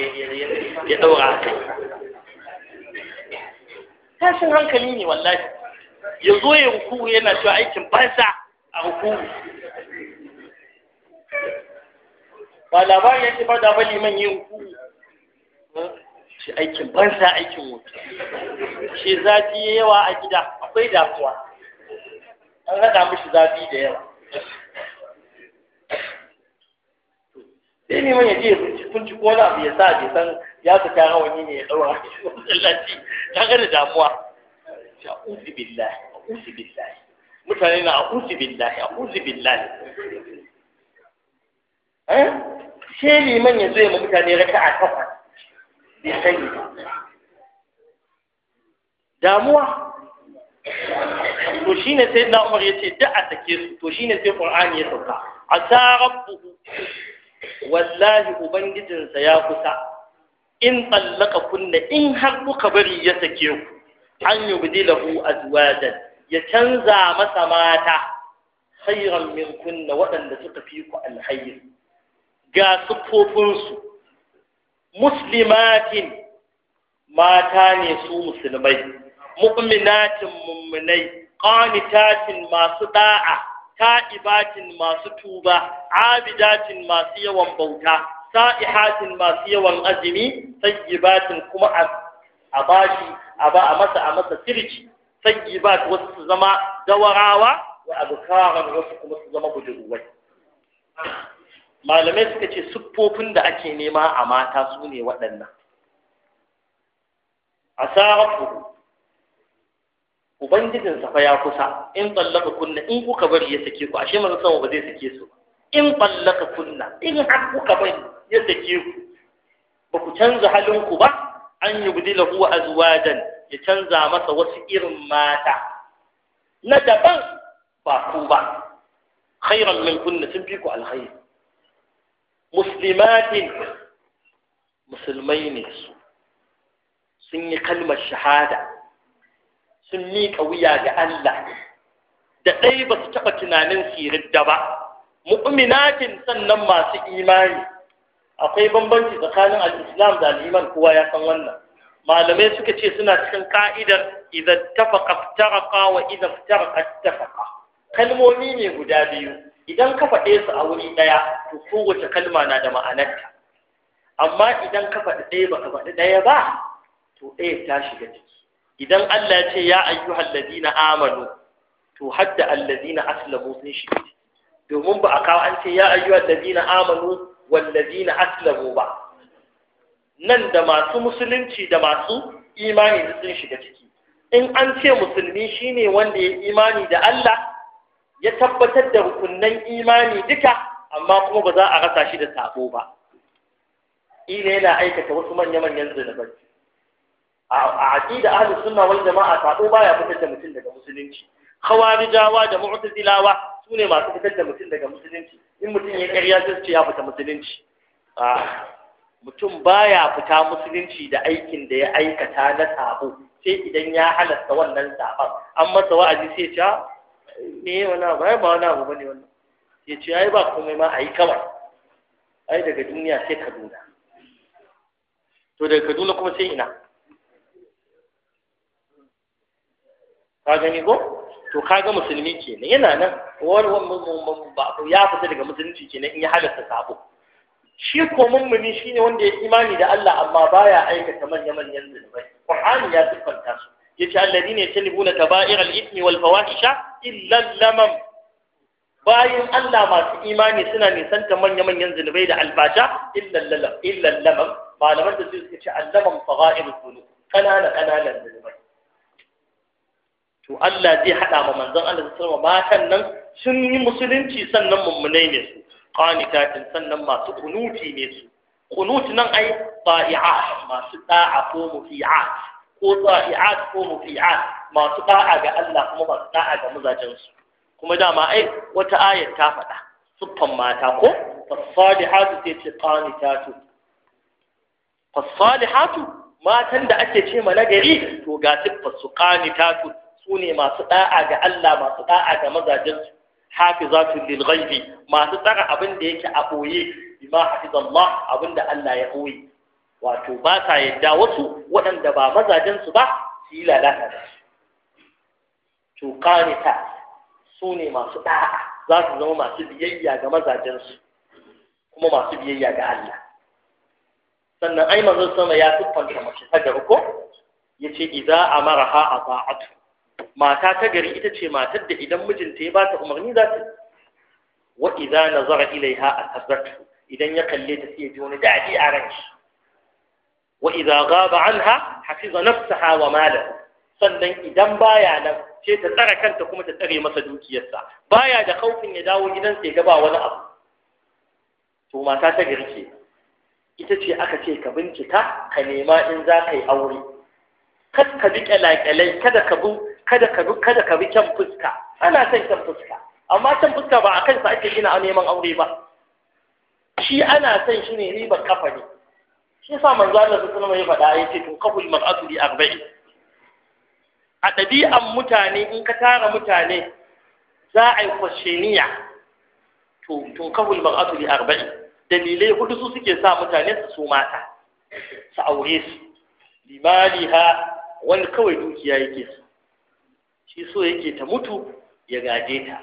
ya daura a kai tashin hankali ne wallahi ya zo ya ruku yana cewa aikin banza a ruku ba labarin ce ba da man yin ruku shi aikin banza aikin wuta shi zafi ya yawa a gida akwai damuwa an haɗa mishi zafi da yawa sai ne ya je ya tsinci tsinci ko na ya sa bai san ya su fita rawani ne ya ɗaura [LAUGHS] masallaci ta ga da damuwa ya uzi billahi uzi billahi mutane na uzi billahi uzi billahi eh sai liman ya zo ya ma mutane raka'a takwas bai sani damuwa to shine sai na umar ya ce da a sake su to shine sai qur'ani ya sauka asa rabbuhu wallahi ubangijinsa ya kusa in tsallaka kunna in har kuka bari ya sake ku an yi yubdilahu azwajan ya canza masa mata khayran min kunna waɗanda suka fi ku alhayi ga siffofinsu muslimatin mata ne su musulmai mu'minatin mummunai qanitatin masu ɗa'a. ta'ibatin masu tuba abidatin masu yawan bauta sa'ihatin masu yawan azumi sayyibatin kuma a bashi a ba a masa a masa sirki sayyibat wasu su zama gawarawa wa abkaran wasu kuma su zama budurwai malamai suka ce siffofin da ake nema a mata su ne waɗannan a sa ubangijinsa fa ya kusa in tsallaka kunna in kuka bari ya sake ku ashe manzo sama ba zai sake su in tsallaka kunna in har kuka bari ya sake ku ba ku canza halin ku ba an yi zuwa azwajan ya canza masa wasu irin mata na daban ba ku ba khairan min kunna sun fi ku alkhairi muslimatin musulmai ne su sun yi kalmar shahada sun miƙa wuya ga Allah da ɗaya ba su taɓa tunanin siridda ba mu'minatin sannan masu imani akwai bambanci tsakanin al'islam da al'iman kowa ya san wannan malamai suka ce suna cikin ka'idar idan tafaka taraka wa idan taraka tafaka kalmomi ne guda biyu idan ka faɗe su a wuri ɗaya to kowace kalma na da ma'anarta amma idan ka faɗi ɗaya ba ka faɗi ɗaya ba to ɗaya ta shiga ciki idan Allah ya ce ya ayyuhal ladina amanu to hadda alladina aslamu sun shi domin ba a kawo an ce ya ayyuhal ladina amanu wal ladina aslamu ba nan da masu musulunci da masu imani sun shiga ciki in an ce musulmi shine wanda ya imani da Allah ya tabbatar da rukunnan imani duka amma kuma ba za a rasa shi da sabo ba ila yana aikata wasu manya-manyan zunubai a aqida ahli sunna wal jama'a ta sabo baya fitar da mutun daga musulunci khawarijawa da mu'tazilawa sune masu fitar da mutun daga musulunci in mutun ya ƙarya sai ce ya fita musulunci a mutum baya fita musulunci da aikin da ya aikata na sabo sai idan ya halasta wannan sabon an masa wa'azi sai ce ah, me wala ba ba wala ba ne wannan ya ce ai ba komai ma ai kawai ai daga duniya sai ka kaduna to daga kaduna kuma sai ina ka gani ko to kaga musulmi kenan yana nan wani ya fita daga musulunci kenan in ya halatta sabo shi ko mummuni shine wanda ya imani da Allah amma baya aikata manya manyan zunubai qur'ani ya siffanta su yace alladhina yatanibuna kaba'ir al-ithmi wal fawahisha illa lamam bayin Allah masu imani suna nisanta manyan manyan zunubai da albasha illa lamam malaman da suka ce ci lamam sagha'ir dhunub kanana kananan zunubai to Allah zai haɗa ma manzon Allah sallallahu matan nan sun yi musulunci sannan mummunai ne su qanitatin sannan masu kunuti ne su Kunuti nan ai ta'i'a masu da'a ko mufi'a ko ta'i'at ko mufi'at masu da'a ga Allah kuma masu da'a ga mazajen su kuma dama ai wata ayar ta faɗa siffan mata ko fasalihatu sai ce qanitatu fasalihatu matan da ake ce ma nagari to ga siffar su qanitatu su ne masu da'a ga Allah masu da'a ga mazajensu hafizatun lil ghaibi masu tsara abin da yake a boye bima hafizallah abin da Allah ya boye wato ba sa yadda wasu waɗanda ba mazajensu ba su yi lalata da su to qanita su ne masu da'a za su zama masu biyayya ga mazajensu kuma masu biyayya ga Allah sannan ai manzon sama ya siffanta mace ta garko yace idza amaraha ata'atu mata ta gari ita ce matar da idan mijinta ya bata umarni za ta wa idza nazara ilaiha asabatu idan ya kalle ta sai ji wani dadi a ran shi wa idza ghaba anha hafiza nafsaha wa mala sannan idan baya nan ce ta tsara kanta kuma ta tsare masa dukiyarsa baya da kaufin ya dawo gidan ya ga ba wani abu to mata ta gari ce ita ce aka ce ka bincika ka nema in za ka yi aure Kada ka bi kyalakyalai kada ka bi kada ka kada ka bi can fuska ana son can fuska amma can fuska ba a kansa ake gina a neman aure ba shi ana son shi ne ribar kafa ne shi yasa manzo Allah sun mai wasallam ya faɗa yace to kaful mar'atu bi arba'in a ɗabi'an mutane in ka tara mutane za a yi kwashiniya to to kaful mar'atu bi arba'in dalilai hudu su suke sa mutane su so mata su aure su limaliha wani kawai dukiya yake su shi so yake ta mutu ya gaje ta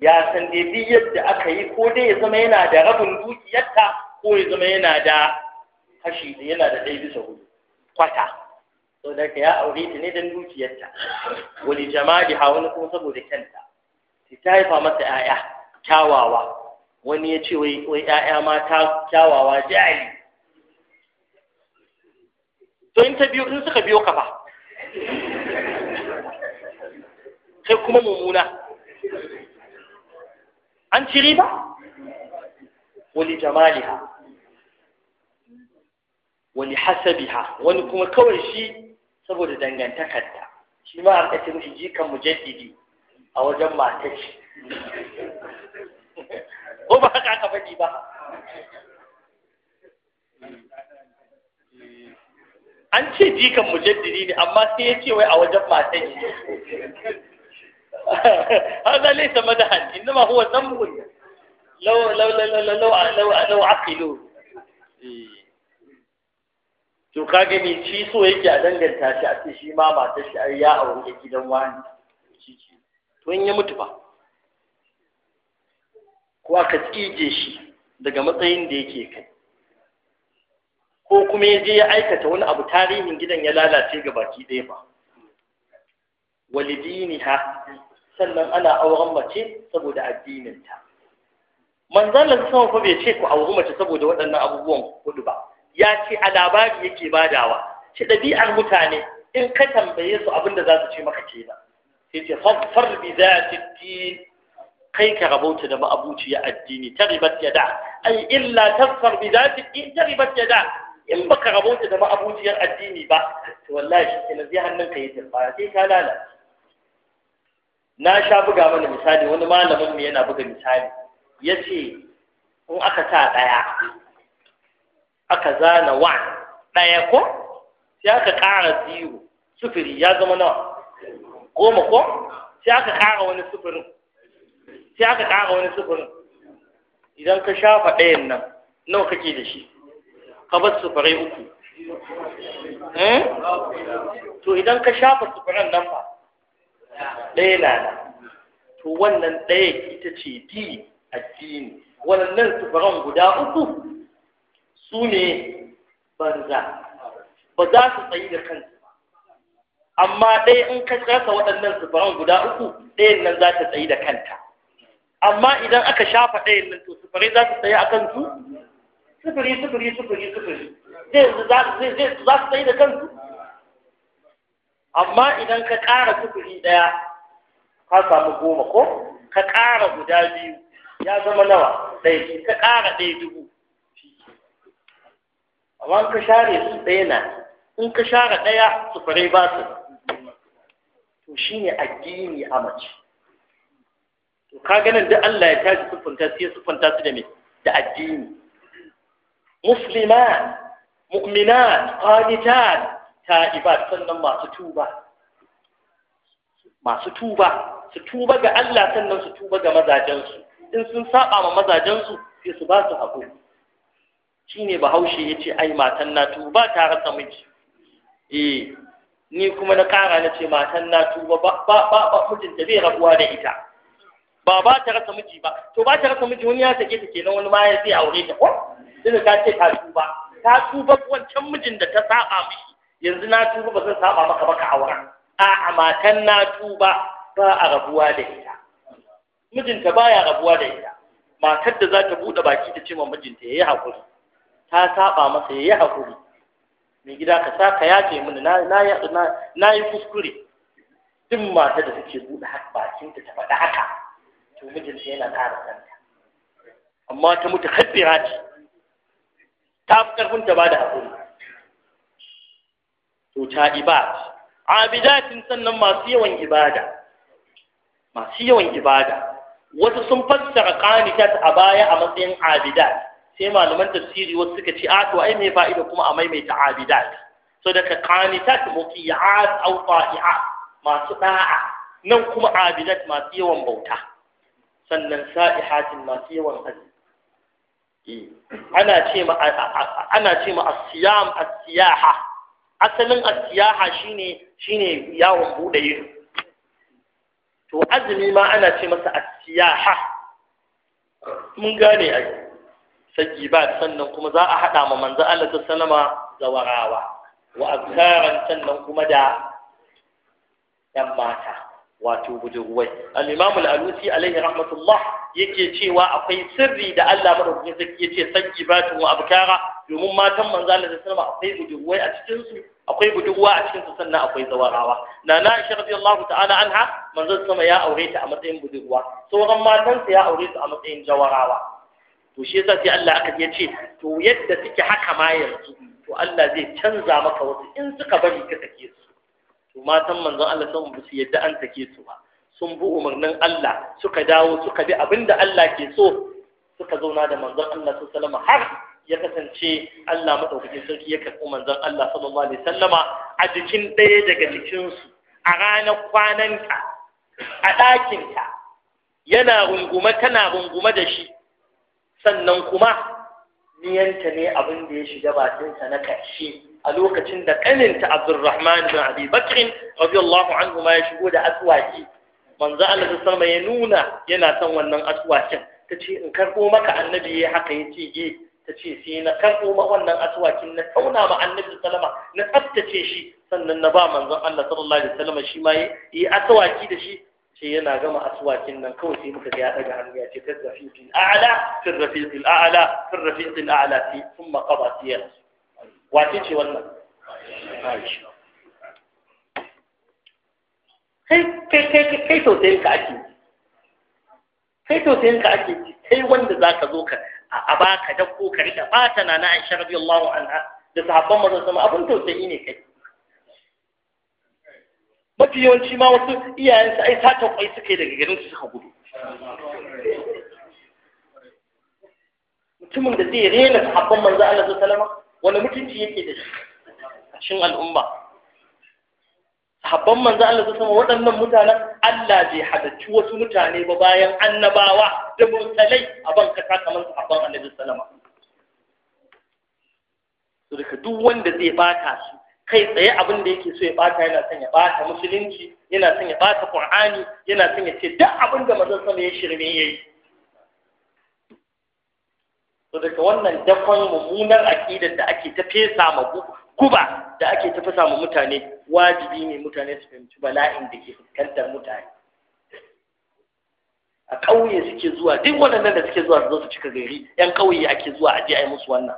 ya san dai yadda aka yi ko dai ya zama yana da rabin dukiyarta ko ya zama yana da kashi yana da ɗaya bisa hudu kwata so da ya aure ta ne don dukiyarta wani jama'a ha wani kuma saboda kyanta ta haifa masa 'ya'ya kyawawa wani ya ce wai 'ya'ya mata kyawawa jari to in ta biyo in suka biyo kafa kai kuma mummuna an ci riba Wani jamaliha Wani hasabiha wani kuma kawai shi saboda dangantakarta shi ma an ce mishi jikan mujaddidi a wajen matashi ko ba haka aka faɗi ba an ce jikan mujaddidi ne amma sai ya ce wai a wajen matashi هذا ليس مدحا إنما هو ذنب لو لو لو لو لو لو عقلوا to kage ne shi so yake a danganta shi a ce shi ma matar shi ya aure gidan wani shi ke to in ya mutu ba ko aka tsige shi daga matsayin da yake kai ko kuma ya je ya aikata wani abu tarihin gidan ya lalace ga baki ɗaya ba ha? sannan ana auren mace saboda addininta manzalar sama fa bai ce ku auri mace saboda waɗannan abubuwan hudu ba ya ce a labari yake badawa ce ɗabi'ar mutane in ka tambaye su abin da za su ce maka kenan sai ce faffar bi za ti kai ka rabauta da ma'abuciya addini ta ribar ya da ai illa tafsar bi za ti ta ribar ya da in baka rabauta da ma'abuciyar addini ba to wallahi shi kenan zai hannun ka yi tirfa sai ka lalata. na sha buga mana misali wani malamin mu yana buga misali ya ce in aka sa ɗaya aka zana wa ɗaya ko sai aka ƙara biyu sufuri ya zama nawa goma ko sai aka ƙara wani sufurin sai aka ƙara wani sufurin idan ka shafa ɗayan nan nawa kake da shi ka bar sufurai uku hmm? to idan ka shafa sufurin nan fa ɗaya na nan to wannan ɗaya ita ce di addini wannan sufuran guda uku su ne banza ba za su tsayi da kansu amma ɗaya in ka rasa waɗannan sufuran guda uku ɗayan nan za ta tsayi da kanta amma idan aka shafa ɗayan nan to sufurai za su tsaye a kansu sufuri sufuri sufuri sufuri zai za su tsayi da kansu amma idan ka ƙara sufuri ɗaya ka samu goma ko ka ƙara guda biyu ya zama nawa ɗaya ka ƙara ɗaya dubu amma ka share su ɗaya na in ka share ɗaya sufuri ba su to shine addini a mace to ka ganin duk Allah ya tashi sufunta ya sufunta su da me da addini muslimat mu'minat qanitat ta'ibat sannan masu tuba masu tuba su tuba ga Allah sannan su tuba ga mazajensu in sun saba ma mazajensu sai su ba su haƙuri shine bahaushe ya ce ai matan na tuba ta rasa miji eh ni kuma na ƙara na ce matan na tuba ba ba ba mijinta zai rabuwa da ita ba ba ta rasa miji ba to ba ta rasa miji wani ya take ta kenan wani ma ya zai aure ta ko oh, sai ka ce ta tuba ta tuba wancan mijin da ta saba mishi yanzu na tuba ba zan saba maka ba ka aura a'a matan na tuba ba a rabuwa da ita mijinta baya rabuwa da ita matar da za ta buɗe baki ta ce wa mijinta yayi hakuri ta saba masa yayi hakuri mai gida ka sa ka yace mini na na na yi kuskure duk mata da take buɗe haka bakinta ta faɗa haka to mijinta yana ƙara santa amma ta mutu kaddira ce ta fi ƙarfin ta ba da hakuri ko ta'ibat abidatin sannan masu yawan ibada masu yawan ibada wasu sun fassara qanitat a baya a matsayin abidat sai malaman tafsiri wasu suka ce a to ai me fa'ida kuma a maimaita abidat so daga qanitat muqiyat aw ta'iat masu da'a nan kuma abidat masu yawan bauta sannan sa'ihatin masu yawan azumi eh, ana ce ma ana ce ma as-siyam as-siyaha asalin asiyaha shine shine yawon bude ido to azumi ma ana ce masa asiyaha mun gane ai saki ba sannan kuma za a hada ma manzo Allah ta da warawa wa azkaran sannan kuma da yan mata wato budurwai al-imam alusi alaihi rahmatullah yake cewa akwai sirri da Allah madaukakin sarki ce sanki batu wa abkara domin matan manzo Allah da sallama akwai budurwai a cikin su akwai budurwa a cikin su sannan akwai zawarawa na na Aisha radiyallahu ta'ala anha manzo sama ya aure ta a matsayin budurwa sauran matan sa ya aure su a matsayin jawarawa to shi yasa sai Allah aka ce to yadda suke haka ma yanzu to Allah zai canza maka wasu in suka bari ka sake su to matan manzon Allah sun bi yadda an take su ba sun bi umarnin Allah suka dawo suka bi abinda Allah ke so suka zauna da manzon Allah sallallahu alaihi har ya kasance Allah madaukakin sarki ya karɓi manzon Allah sallallahu alaihi wasallama a jikin ɗaya daga cikin a ranar kwananka a ɗakinka yana runguma tana runguma da shi sannan kuma niyanta ne abin da ya shiga bakinsa na ƙarshe a lokacin da kaninta Abdulrahman bin Abi Bakr radiyallahu anhu ma ya shigo da aswaki manzo Allah sallama ya nuna yana son wannan aswakin Ta ce in karɓo maka annabi yayi haka yace ye eh. tace sai na karɓo ma wannan aswakin na tauna ma annabi Salama na tsaftace shi sannan na ba manzon Allah sallallahu alaihi wasallam shi ma yi aswaki da shi sai yana gama aswakin nan kawai sai muka ga ya daga hannu ya ce tarrafiqil a'la tarrafiqil a'la tarrafiqil a'la fi thumma qada siyasa wace ce wannan Kai kai kai kai kai tausayin ka ake kai tausayin ka ake kai wanda ka zo ka a da ko ka rika bata na na aisha radiyallahu anha da sahabban mazan sama abin tausayi ne kai mafi yawanci ma wasu iyayensu ai sata kwai suka yi daga garin su suka gudu mutumin da zai rena sahabban manzo Allah sallallahu alaihi wasallam wani mutunci yake da shi a cikin al'umma sahabban manzo Allah ta sama waɗannan mutanen Allah bai halarci wasu mutane ba bayan annabawa da mutalai a ban kasa kamar sahabban annabi sallama to daga duk wanda zai bata su kai tsaye abin da yake so ya bata yana son ya bata musulunci yana son ya bata qur'ani yana son ya ce duk abin da manzo sama ya shirme yayi so daga wannan dakon mummunar aƙidar da ake ta fesa ma guba da ake ta fesa ma mutane wajibi ne mutane su fahimci bala'in da ke fuskantar mutane a ƙauye suke zuwa duk waɗannan da suke zuwa su su cika gari yan ƙauye ake zuwa a je a yi musu wannan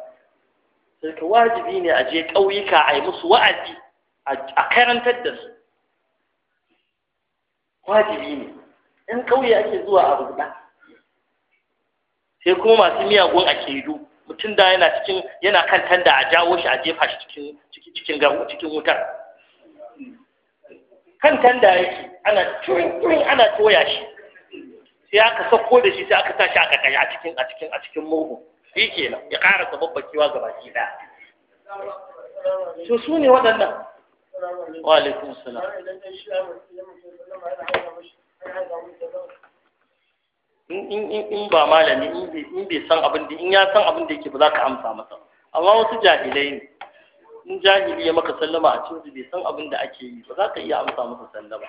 Daga wajibi ne a je ƙauyuka a yi musu wa'azi a karantar da su wajibi ne yan ƙauye ake zuwa a rubuta sai kuma masu miyagun kedu mutum da yana cikin yana kan tanda a jawo shi a jefa shi cikin cikin cikin cikin wutar kan tanda yake ana turin ana toya shi sai aka sako da shi sai aka sa shi a a cikin a cikin a cikin murhu shi kenan ya ƙara babbakewa ga baki da to su ne waɗannan wa alaikum salam in ba malami in bai san abin da in ya san abin da yake ba za ka amsa masa amma wasu jahilai ne in jahili ya maka sallama a cikin bai san abin da ake yi ba za ka iya amsa masa sallama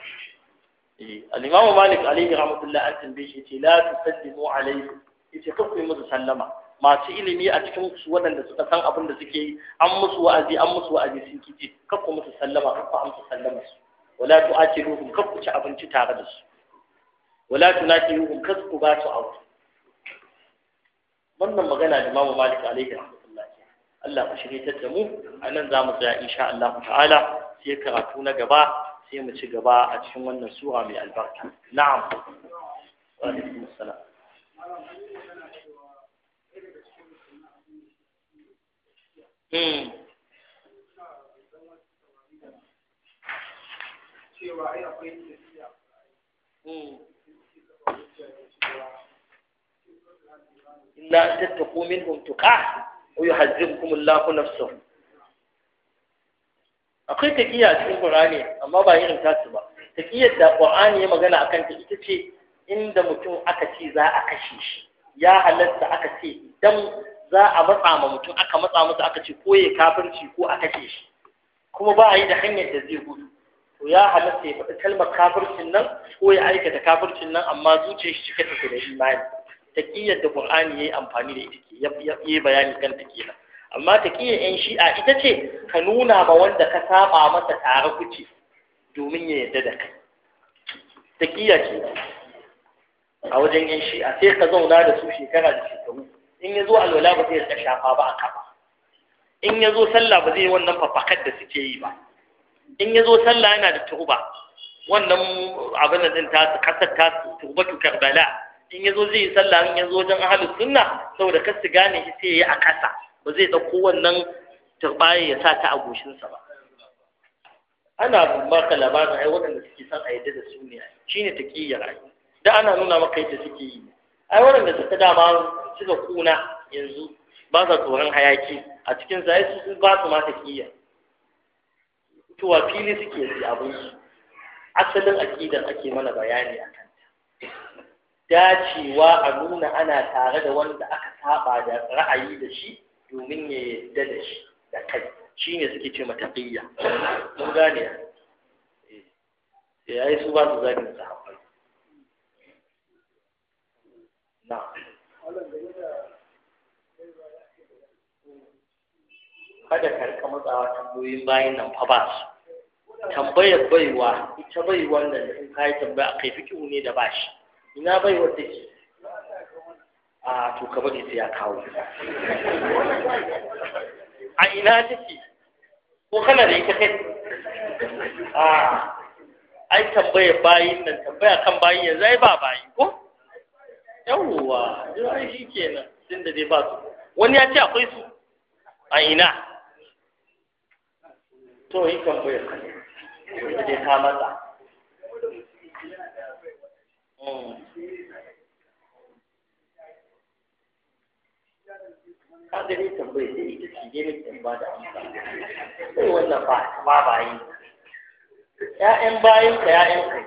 eh al-imam malik alayhi rahmatullah an tambaye shi ce la tusallimu alayhi yace kan kuma musu sallama masu ilimi a cikin su waɗanda suka san abin da suke yi an musu wa'azi an musu wa'azi sun kici ka ku musu sallama ka ku amsa sallama su wala tu'atiluhum ka ku ci abinci tare da su wala tunatihu kasku ba su aure wannan magana da Imam Malik alaihi rahmatullah Allah ka shirye ta mu anan za mu tsaya insha Allah ta'ala sai karatu na gaba sai mu ci gaba a cikin wannan sura mai albarka na'am wa alaikum assalam cewa hmm. ai hmm. illa an tattaku minhum tuqa wa yuhazzibukum Allahu nafsuhu akwai taqiya cikin Qur'ani amma ba irin tasu ba taqiyar da Qur'ani ya magana a kanta ita ce inda mutum aka ce za a kashe shi ya halatta aka ce idan za a matsa ma mutum aka matsa masa aka ce ko ya kafirci ko a kashe shi kuma ba a yi da hanyar da zai gudu to ya halatta ya faɗi kalmar kafircin nan ko ya aikata kafircin nan amma zuciyar shi cika take da imani Taƙiyar da qur'ani yayi amfani da ita ke yi bayani kan ta kenan amma taƙiyar yan shi'a ita ce ka nuna ma wanda ka saba masa tare kuce domin ya yarda da kai taqiyya ce a wajen yan shi'a sai ka zauna da su shekara da shekaru in ya zo alwala ba zai rika shafa ba a kafa in ya zo sallah ba zai yi wannan fafakar da suke yi ba in ya zo sallah yana da turba wannan abin da ta kasar ta tuba tukar bala in yazo zai yi sallah in yazo wajen ahli sunna saboda kar su gane shi sai yayi a kasa ba zai dauko wannan turbaye ya sa ta a goshin sa ba ana baka labarin ai waɗanda suke son a yadda da su shine taqiyya ai da ana nuna maka yadda suke yi ai waɗanda suka dama suka kuna yanzu ba sa tsoron hayaki a cikin sa su ba su ma taqiyya to wa fili suke yi abin su asalin aqidar ake mana bayani a dacewa a nuna ana tare da wanda aka saba da ra'ayi da shi domin ya yadda da shi da kai shi ne suke ce mataqiyya mun gane ya eh. eh, yi su ba su zagin sahabbai na kada ka rika matsawa tambayoyin bayan nan fa ba su tambayar baiwa ita baiwan nan in ka yi tambaya akai fikihu ne da bashi ina bai wadda ke a to ka bari sai ya kawo a ina take ko kana da ita kai a ai tambaya bayin nan tambaya kan bayin yanzu ai ba bayi ko yawwa ai shi kenan tun da dai ba su wani ya ce akwai su a ina to yi tambayar kai, ne dai ka matsa ka gani tambayar da ita ce ne kan da amsa sai wannan ba ba bayi ƴaƴan bayan ka ƴaƴan ka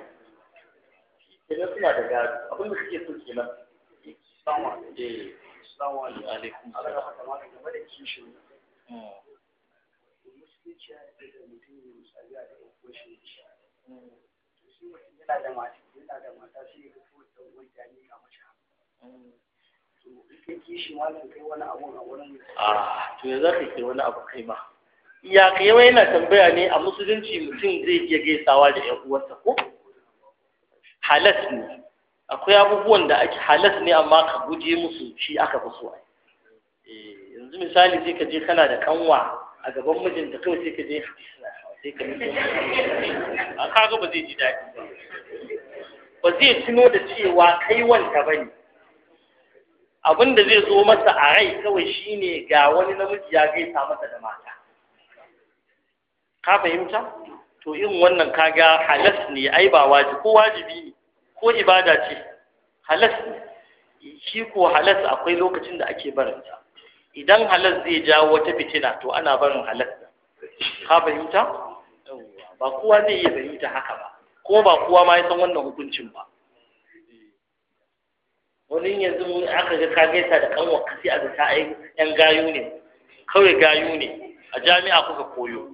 kenan suna da gado abin da suke so kenan Sama eh, alaikum. Allah ya game da kishin. Hmm. da mutum da yana da mata yana da mata sai ya fito da wanda ya nika mata ah, to ya za ka kai wani abu kai ma ya kai wai yana tambaya ne a musulunci mutum zai iya gaisawa da ƴan uwarsa ko halas ne akwai abubuwan da ake halas ne amma ka guje musu shi aka fi so eh, yanzu misali sai ka je kana da kanwa a gaban mijinta kawai sai ka je sai ka a kaga ba zai ji daɗi ba zai tuno da cewa kai wanta ba ne abin da zai zo masa a rai kawai shine ga wani namiji ya gaisa masa da mata ka fahimta to in wannan kaga halas ne ai ba wajibi ko wajibi ne ko ibada ce halas ne shi ko halas akwai lokacin da ake barinta idan halas zai jawo wata fitina to ana barin halas ka fahimta ba kowa zai iya fahimta haka ba ko ba kowa ma ya san wannan hukuncin ba wani yanzu aka ga ta da kanwa kasi a zata ai yan gayu ne kawai gayu ne a jami'a kuka koyo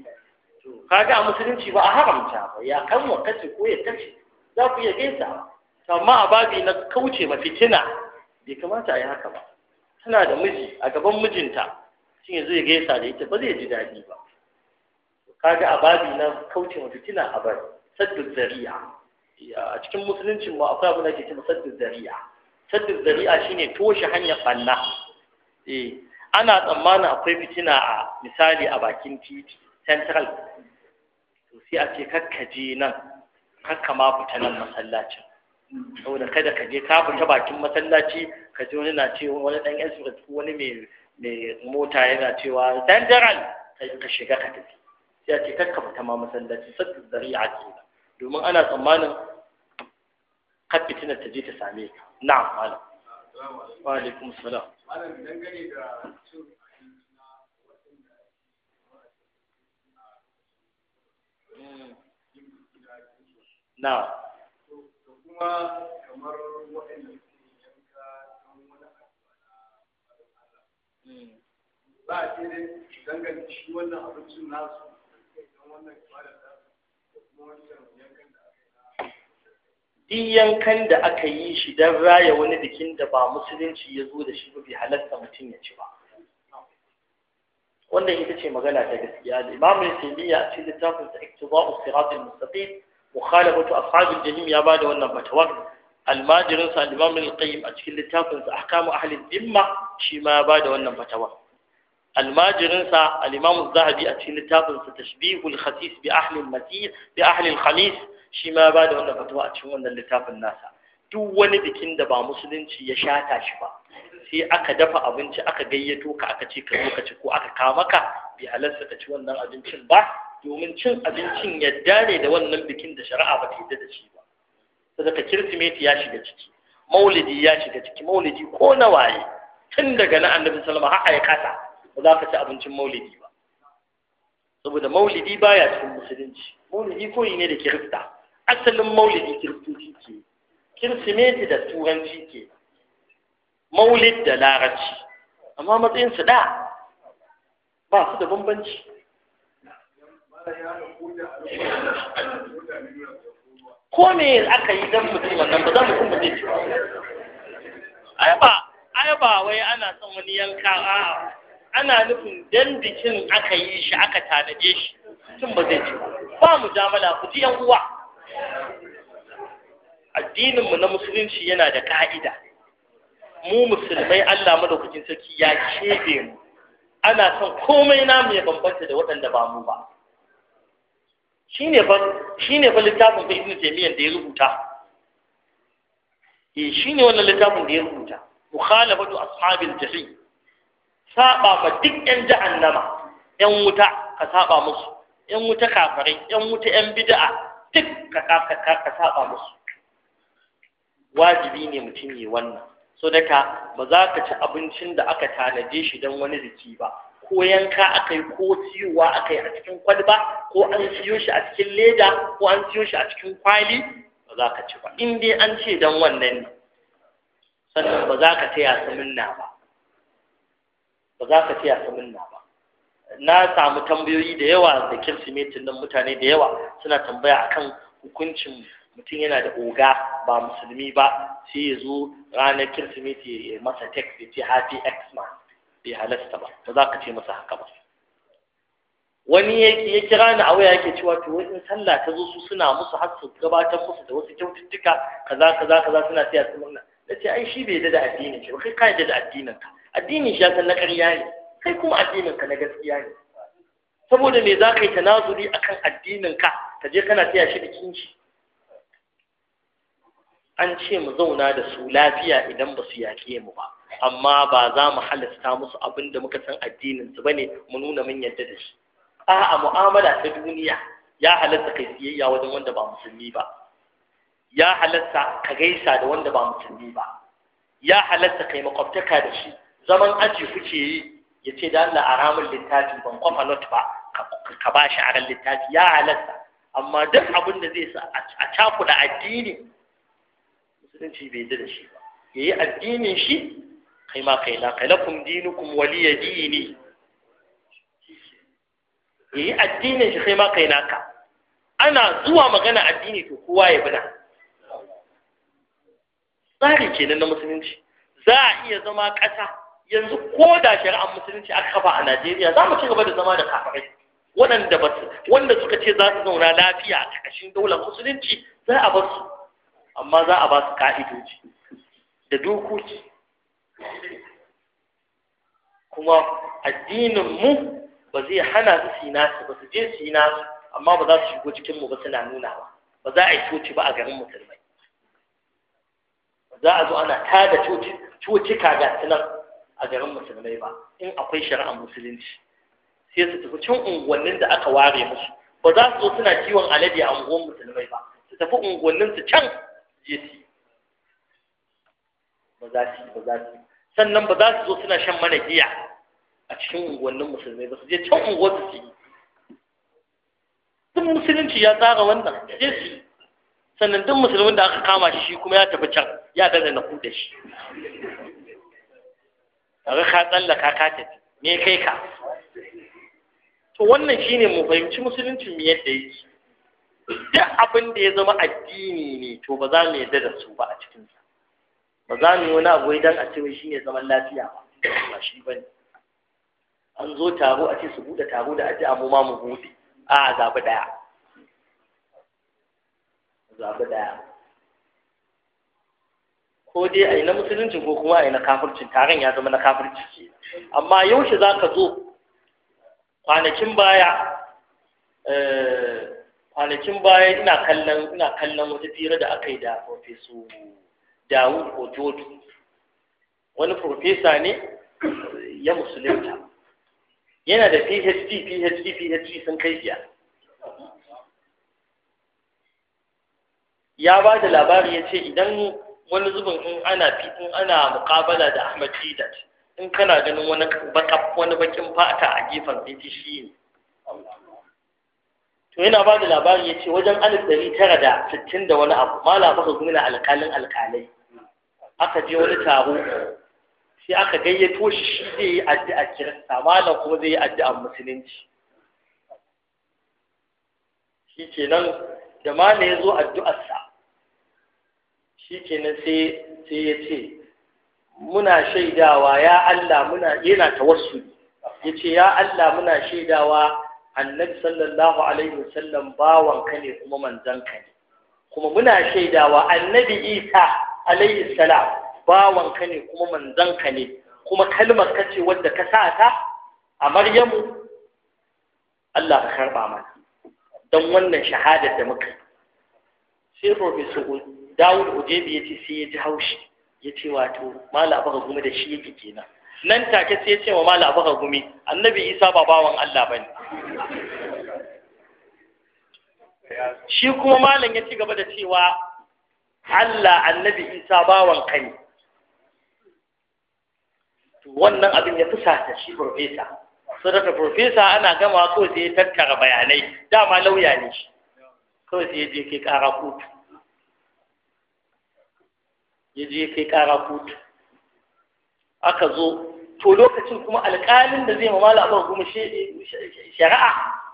ga a musulunci ba a haramta ba ya kanwa kasi ko ya tace za ku iya gaisa amma a babi na kauce ma fitina bai kamata a yi haka ba tana da miji a gaban mijinta shi yanzu ya gaisa da ita ba zai ji daɗi ba kaga a babi na kauce ma fitina a bari saddu zari'a a cikin musulunci ma akwai abin da ke cewa saddu zari'a saddu zari'a shine toshe hanyar banna eh ana tsammanin akwai fitina a misali a bakin titi central to sai a ce kakkaje nan kakka ma fita nan masallacin saboda kada ka je ka fita bakin masallaci ka je wani na ce, wani dan yan surat wani mai mai mota yana cewa central ka shiga ka tafi sai a ce kakka fita ma masallaci saddu zari'a ke domin ana tsammanin kafitinar ta je ta same ka amfani. malam wa salam na kuma hmm. a ce duk yankan da aka yi shi don raya wani bikin da ba musulunci ya zo da shi ba bai halatta mutum ya ci ba wannan ita ce magana ta gaskiya al-imam al-taymiya a cikin littafin sa iktiba'u sirat al-mustaqim mukhalafatu ashab al-jahim ya bada wannan fatawa al-majirin sa al-imam al-qayyim a cikin littafin sa ahkamu ahli al-dhimma shi ma ya bada wannan fatawa al-majirin sa al-imam az-zahabi a cikin littafin sa tashbihul khasis bi ahli al-masih bi ahli al-khamis shi ma ba da wannan fatuwa a cikin wannan littafin nasa duk wani bikin da ba musulunci ya shata shi ba sai aka dafa abinci aka gayyato ka aka ce ka zo ka ci ko aka kawo maka bai halarsa ka ci wannan abincin ba domin cin abincin ya ne da wannan bikin da shari'a ba ta yadda da shi ba sadaka kirsimeti ya shiga ciki maulidi ya shiga ciki maulidi ko na waye tun daga na annabi salama har a kasa ba za ka ci abincin maulidi ba saboda maulidi baya cikin musulunci maulidi koyi ne da kirista asalin maulidi kiristoci ke kirsimeti da turanci ke maulid da larabci amma matsayin su da ba su da bambanci ko me aka yi don mutum wannan ba za mu kuma zai ci ba ai ba wai ana son wani yanka a ana nufin dan bikin aka yi shi aka tanaje shi tun ba zai ci ba mu jamala ku ji yan uwa addininmu na musulunci yana da ka'ida mu musulmai Allah madaukakin sarki ya kebe mu ana son komai namu ya bambanta da waɗanda ba mu ba shine ba shine ba littafin fa ibnu taymiyyah da ya rubuta eh shine wannan littafin da ya rubuta mukhalafatu ashabil jahim saba ma duk yan jahannama yan wuta ka saba musu yan wuta kafirai yan wuta yan bid'a duk ka ka saba musu wajibi ne mutum yi wannan so daga ba za ka ci abincin da aka tanaje shi don wani jiki ba ko yanka aka yi ko siyowa aka yi a cikin kwalba ko an siyo shi a cikin leda ko an siyo shi a cikin kwali ba za ka ci ba in dai an ce don wannan ne sannan ba za ka taya su minna ba ba za ka taya su minna ba na samu tambayoyi da yawa da kirsimetin nan mutane da yawa suna tambaya akan hukuncin mutum yana da oga ba musulmi ba sai ya zo ranar kirsimeti ya masa text ya ce happy x man bai halasta ba ba za ka ce masa haka ba wani ya kira ni a waya yake cewa to wani sallah ta zo su suna musu har su gabatar musu da wasu kyaututtuka kaza kaza kaza suna siya su murna na ce ai shi bai yadda da addinin shi ba kai ka yadda da addinin ka addinin shi ya na ƙarya ne kai kuma addinin ka na gaskiya ne saboda me za ka yi tanazuri akan addinin ka ka je kana siya shi bikin shi an ce mu zauna da su lafiya idan ba su yaƙe mu ba amma ba za mu halasta musu abin da muka san addinin su ne mu nuna mun yadda da shi a'a mu'amala ta duniya ya halatta kai siyayya wajen wanda ba musulmi ba ya halatta ka gaisa da wanda ba musulmi ba ya halatta kai makwabtaka da shi zaman aji kuke yi ya ce da Allah a ramin littafi ban kwafa not ba ka ba shi a ran littafi ya halatta amma duk abin da zai sa a cakuda addini ci bai ji da shi ba ya yi addinin shi kai ma kai na kai na waliya dini ya yi addinin shi kai ma kai na ka. ana zuwa magana addini to kowa ya na tsari kenan na musulunci za a iya zama ƙasa yanzu ko da shari'ar musulunci aka kafa a Najeriya za mu ci gaba da zama da kafirai waɗanda ba su wanda suka ce za su zauna lafiya a ƙarƙashin daular musulunci za a bar su amma za a ba su ka'idoji da dokoki kuma addininmu ba zai hana su su nasu ba su je su yi nasu amma ba za su shigo cikinmu ba suna nuna ba ba za a yi coci ba a garin musulmai Ba za a zo ana tada coci ga nan a garin musulmai ba in akwai shari'ar musulunci sai su tafi cin unguwannin da aka ware musu ba za su zo suna kiwon alade a unguwan musulmai ba su tafi unguwannin su can je ba za su ba za su sannan ba za su zo suna shan mana giya a cikin unguwannin musulmai ba su je can unguwar su yi duk musulunci ya tsara wannan je su sannan duk musulmin da aka kama shi kuma ya tafi can ya dana na kuɗe shi kaga ka tsallaka ka tafi me kai ka to wannan shine mu fahimci musulunci mu yadda yake duk abin da ya zama addini ne to ba za mu yarda da su ba a cikin sa ba za mu yi wani abu idan a ce shi ne zaman lafiya ba ba shi ba ne an zo taro a ce su buɗe taro da aji abu ma mu bude a zaɓi ɗaya zaɓi ɗaya ko dai a yi na musulunci ko kuma a yi na kafircin taron ya zama na kafirci ce. amma yaushe za ka zo kwanakin baya eh, kwanakin baya ina kallon ina kallon wata fira da aka yi da profeso Dawud Ojoto wani profesa ne ya musulunta yana da PhD PhD PhD sun kai biya ya ba da labari ya ce idan wani zubin in ana in ana muƙabala da Ahmad Didat in kana ganin wani bakin fata a gefen titi shi ne to yana ba da labari ya ce wajen alif ɗari tara da sittin da wani abu malam baka na alƙalin alƙalai aka je wani taro sai aka gayyato shi shi zai yi addu'a kirista malam kuma zai yi addu'a musulunci shi kenan da malam ya zo addu'arsa shi kenan sai sai ya ce muna shaidawa ya Allah muna yana tawassuli ya ce ya Allah muna shaidawa annabi sallallahu alaihi wasallam bawanka ne kuma manzanka ne kuma muna shaidawa annabi isa alaihi salam bawanka ne kuma manzanka ne kuma kalmar ka ce wanda ka sa ta a maryamu Allah ka karba mana don wannan shahadar da muka sai professor Dawud Ojebi ya ce sai ya ji haushi ya ce wato mala abu kuma da shi yake kenan nan take sai ya ce wa mala abu gumi annabi isa ba bawan Allah bane shi kuma malam ya ci gaba da cewa Allah annabi isa bawan kai wannan abin ya fusata shi profesa sadaka profesa ana gama ko sai ya tattara bayanai dama lauya ne shi kawai sai ya je kai kara kutu ya je kai kara kutu aka zo to lokacin kuma alƙalin da zai mamala abu kuma shari'a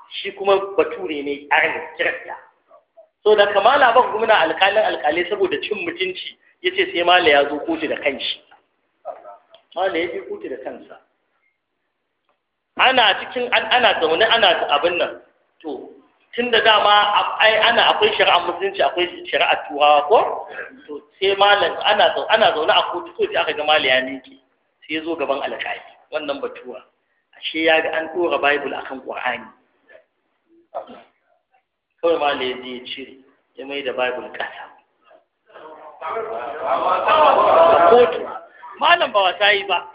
shi kuma bature ne ranar kirista so da kamala ba kuma na alƙalin alƙalai saboda cin mutunci ya ce sai mala ya zo kotu da kanshi mala ya fi kotu da kansa ana cikin ana zaune ana abin nan to tun da dama ai ana akwai shari'ar musulunci akwai shari'ar turawa ko to sai mala ana zaune a kotu ko ce aka ga mala ya miƙe sai ya zo gaban alƙali wannan batuwa ashe ya ga an ɗora baibul akan qur'ani kawai ma ne ya cire ya mai da bible ƙasa kotu malam ba wata yi ba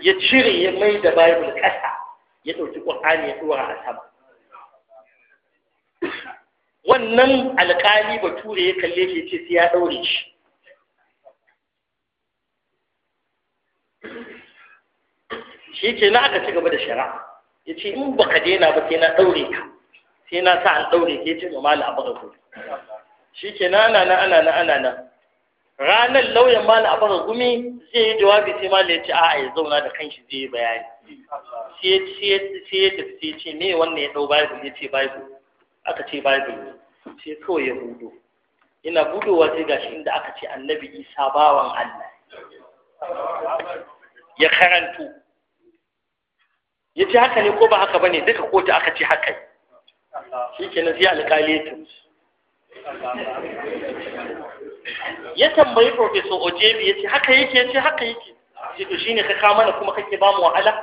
ya cire ya mai da bible ƙasa ya ɗauki qur'ani ya ɗora a sama wannan alƙali bature ya kalle shi ce sai ya ɗaure shi shi ke na aka ci gaba da shari'a ya ce in ba ka daina ba sai na ɗaure ka sai na sa an ɗaure ka ya ce ma mala a baka gumi shi ke na ana na ana na ana ranar lauyan mala a baka gumi zai yi jawabi sai mala ya ce a'a ya zauna da kanshi zai yi bayani sai ya tafi sai ce me wannan ya ɗau bible ya ce bible aka ce bible sai kawai ya hudu ina budowa sai gashi inda aka ce annabi isa bawan allah ya karanto ya ce haka ne ko ba haka bane duka kotu aka ce haka shi ke na siya alƙali ya ya tambayi professor ojebi ya ce haka yake ya ce haka yake ce to shine ka kama na kuma kake ba mu wahala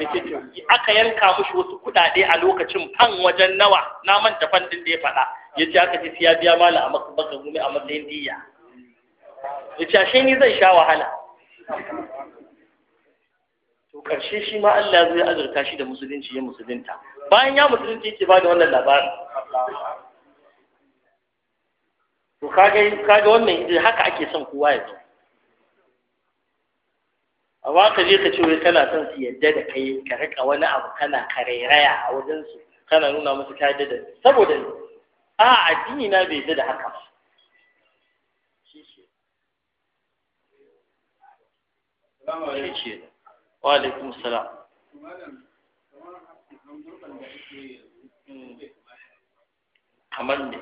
ya ce to aka yanka mushi wasu kuɗaɗe a lokacin fan wajen nawa na manta fan din da ya faɗa ya ce aka ce siya biya mala a baka gumi a matsayin diya ya ce ashe ni zan sha wahala Karshe shi ma Allah zai azurta shi da musulunci ya musulunta bayan ya musulunci yake ba da wannan labarin to kaga kaga wannan idan haka ake son kowa ya zo amma ka je ka ce wai kana son su yadda da kai ka rika wani abu kana karairaya a wajen su kana nuna musu ka yadda da saboda a addini na bai yadda da haka ba shi وعليكم السلام salam kamar ne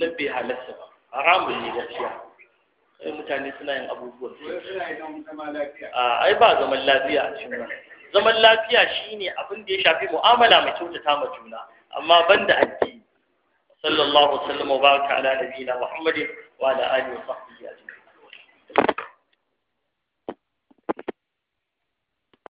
na bai halarta ba haramun ne gaskiya sai mutane suna yin abubuwan a ai ba zaman lafiya a cikin nan zaman lafiya shine abin da ya shafi mu'amala mai kyautata ma juna amma banda addini sallallahu alaihi wa sallam wa baraka ala nabiyina muhammadin wa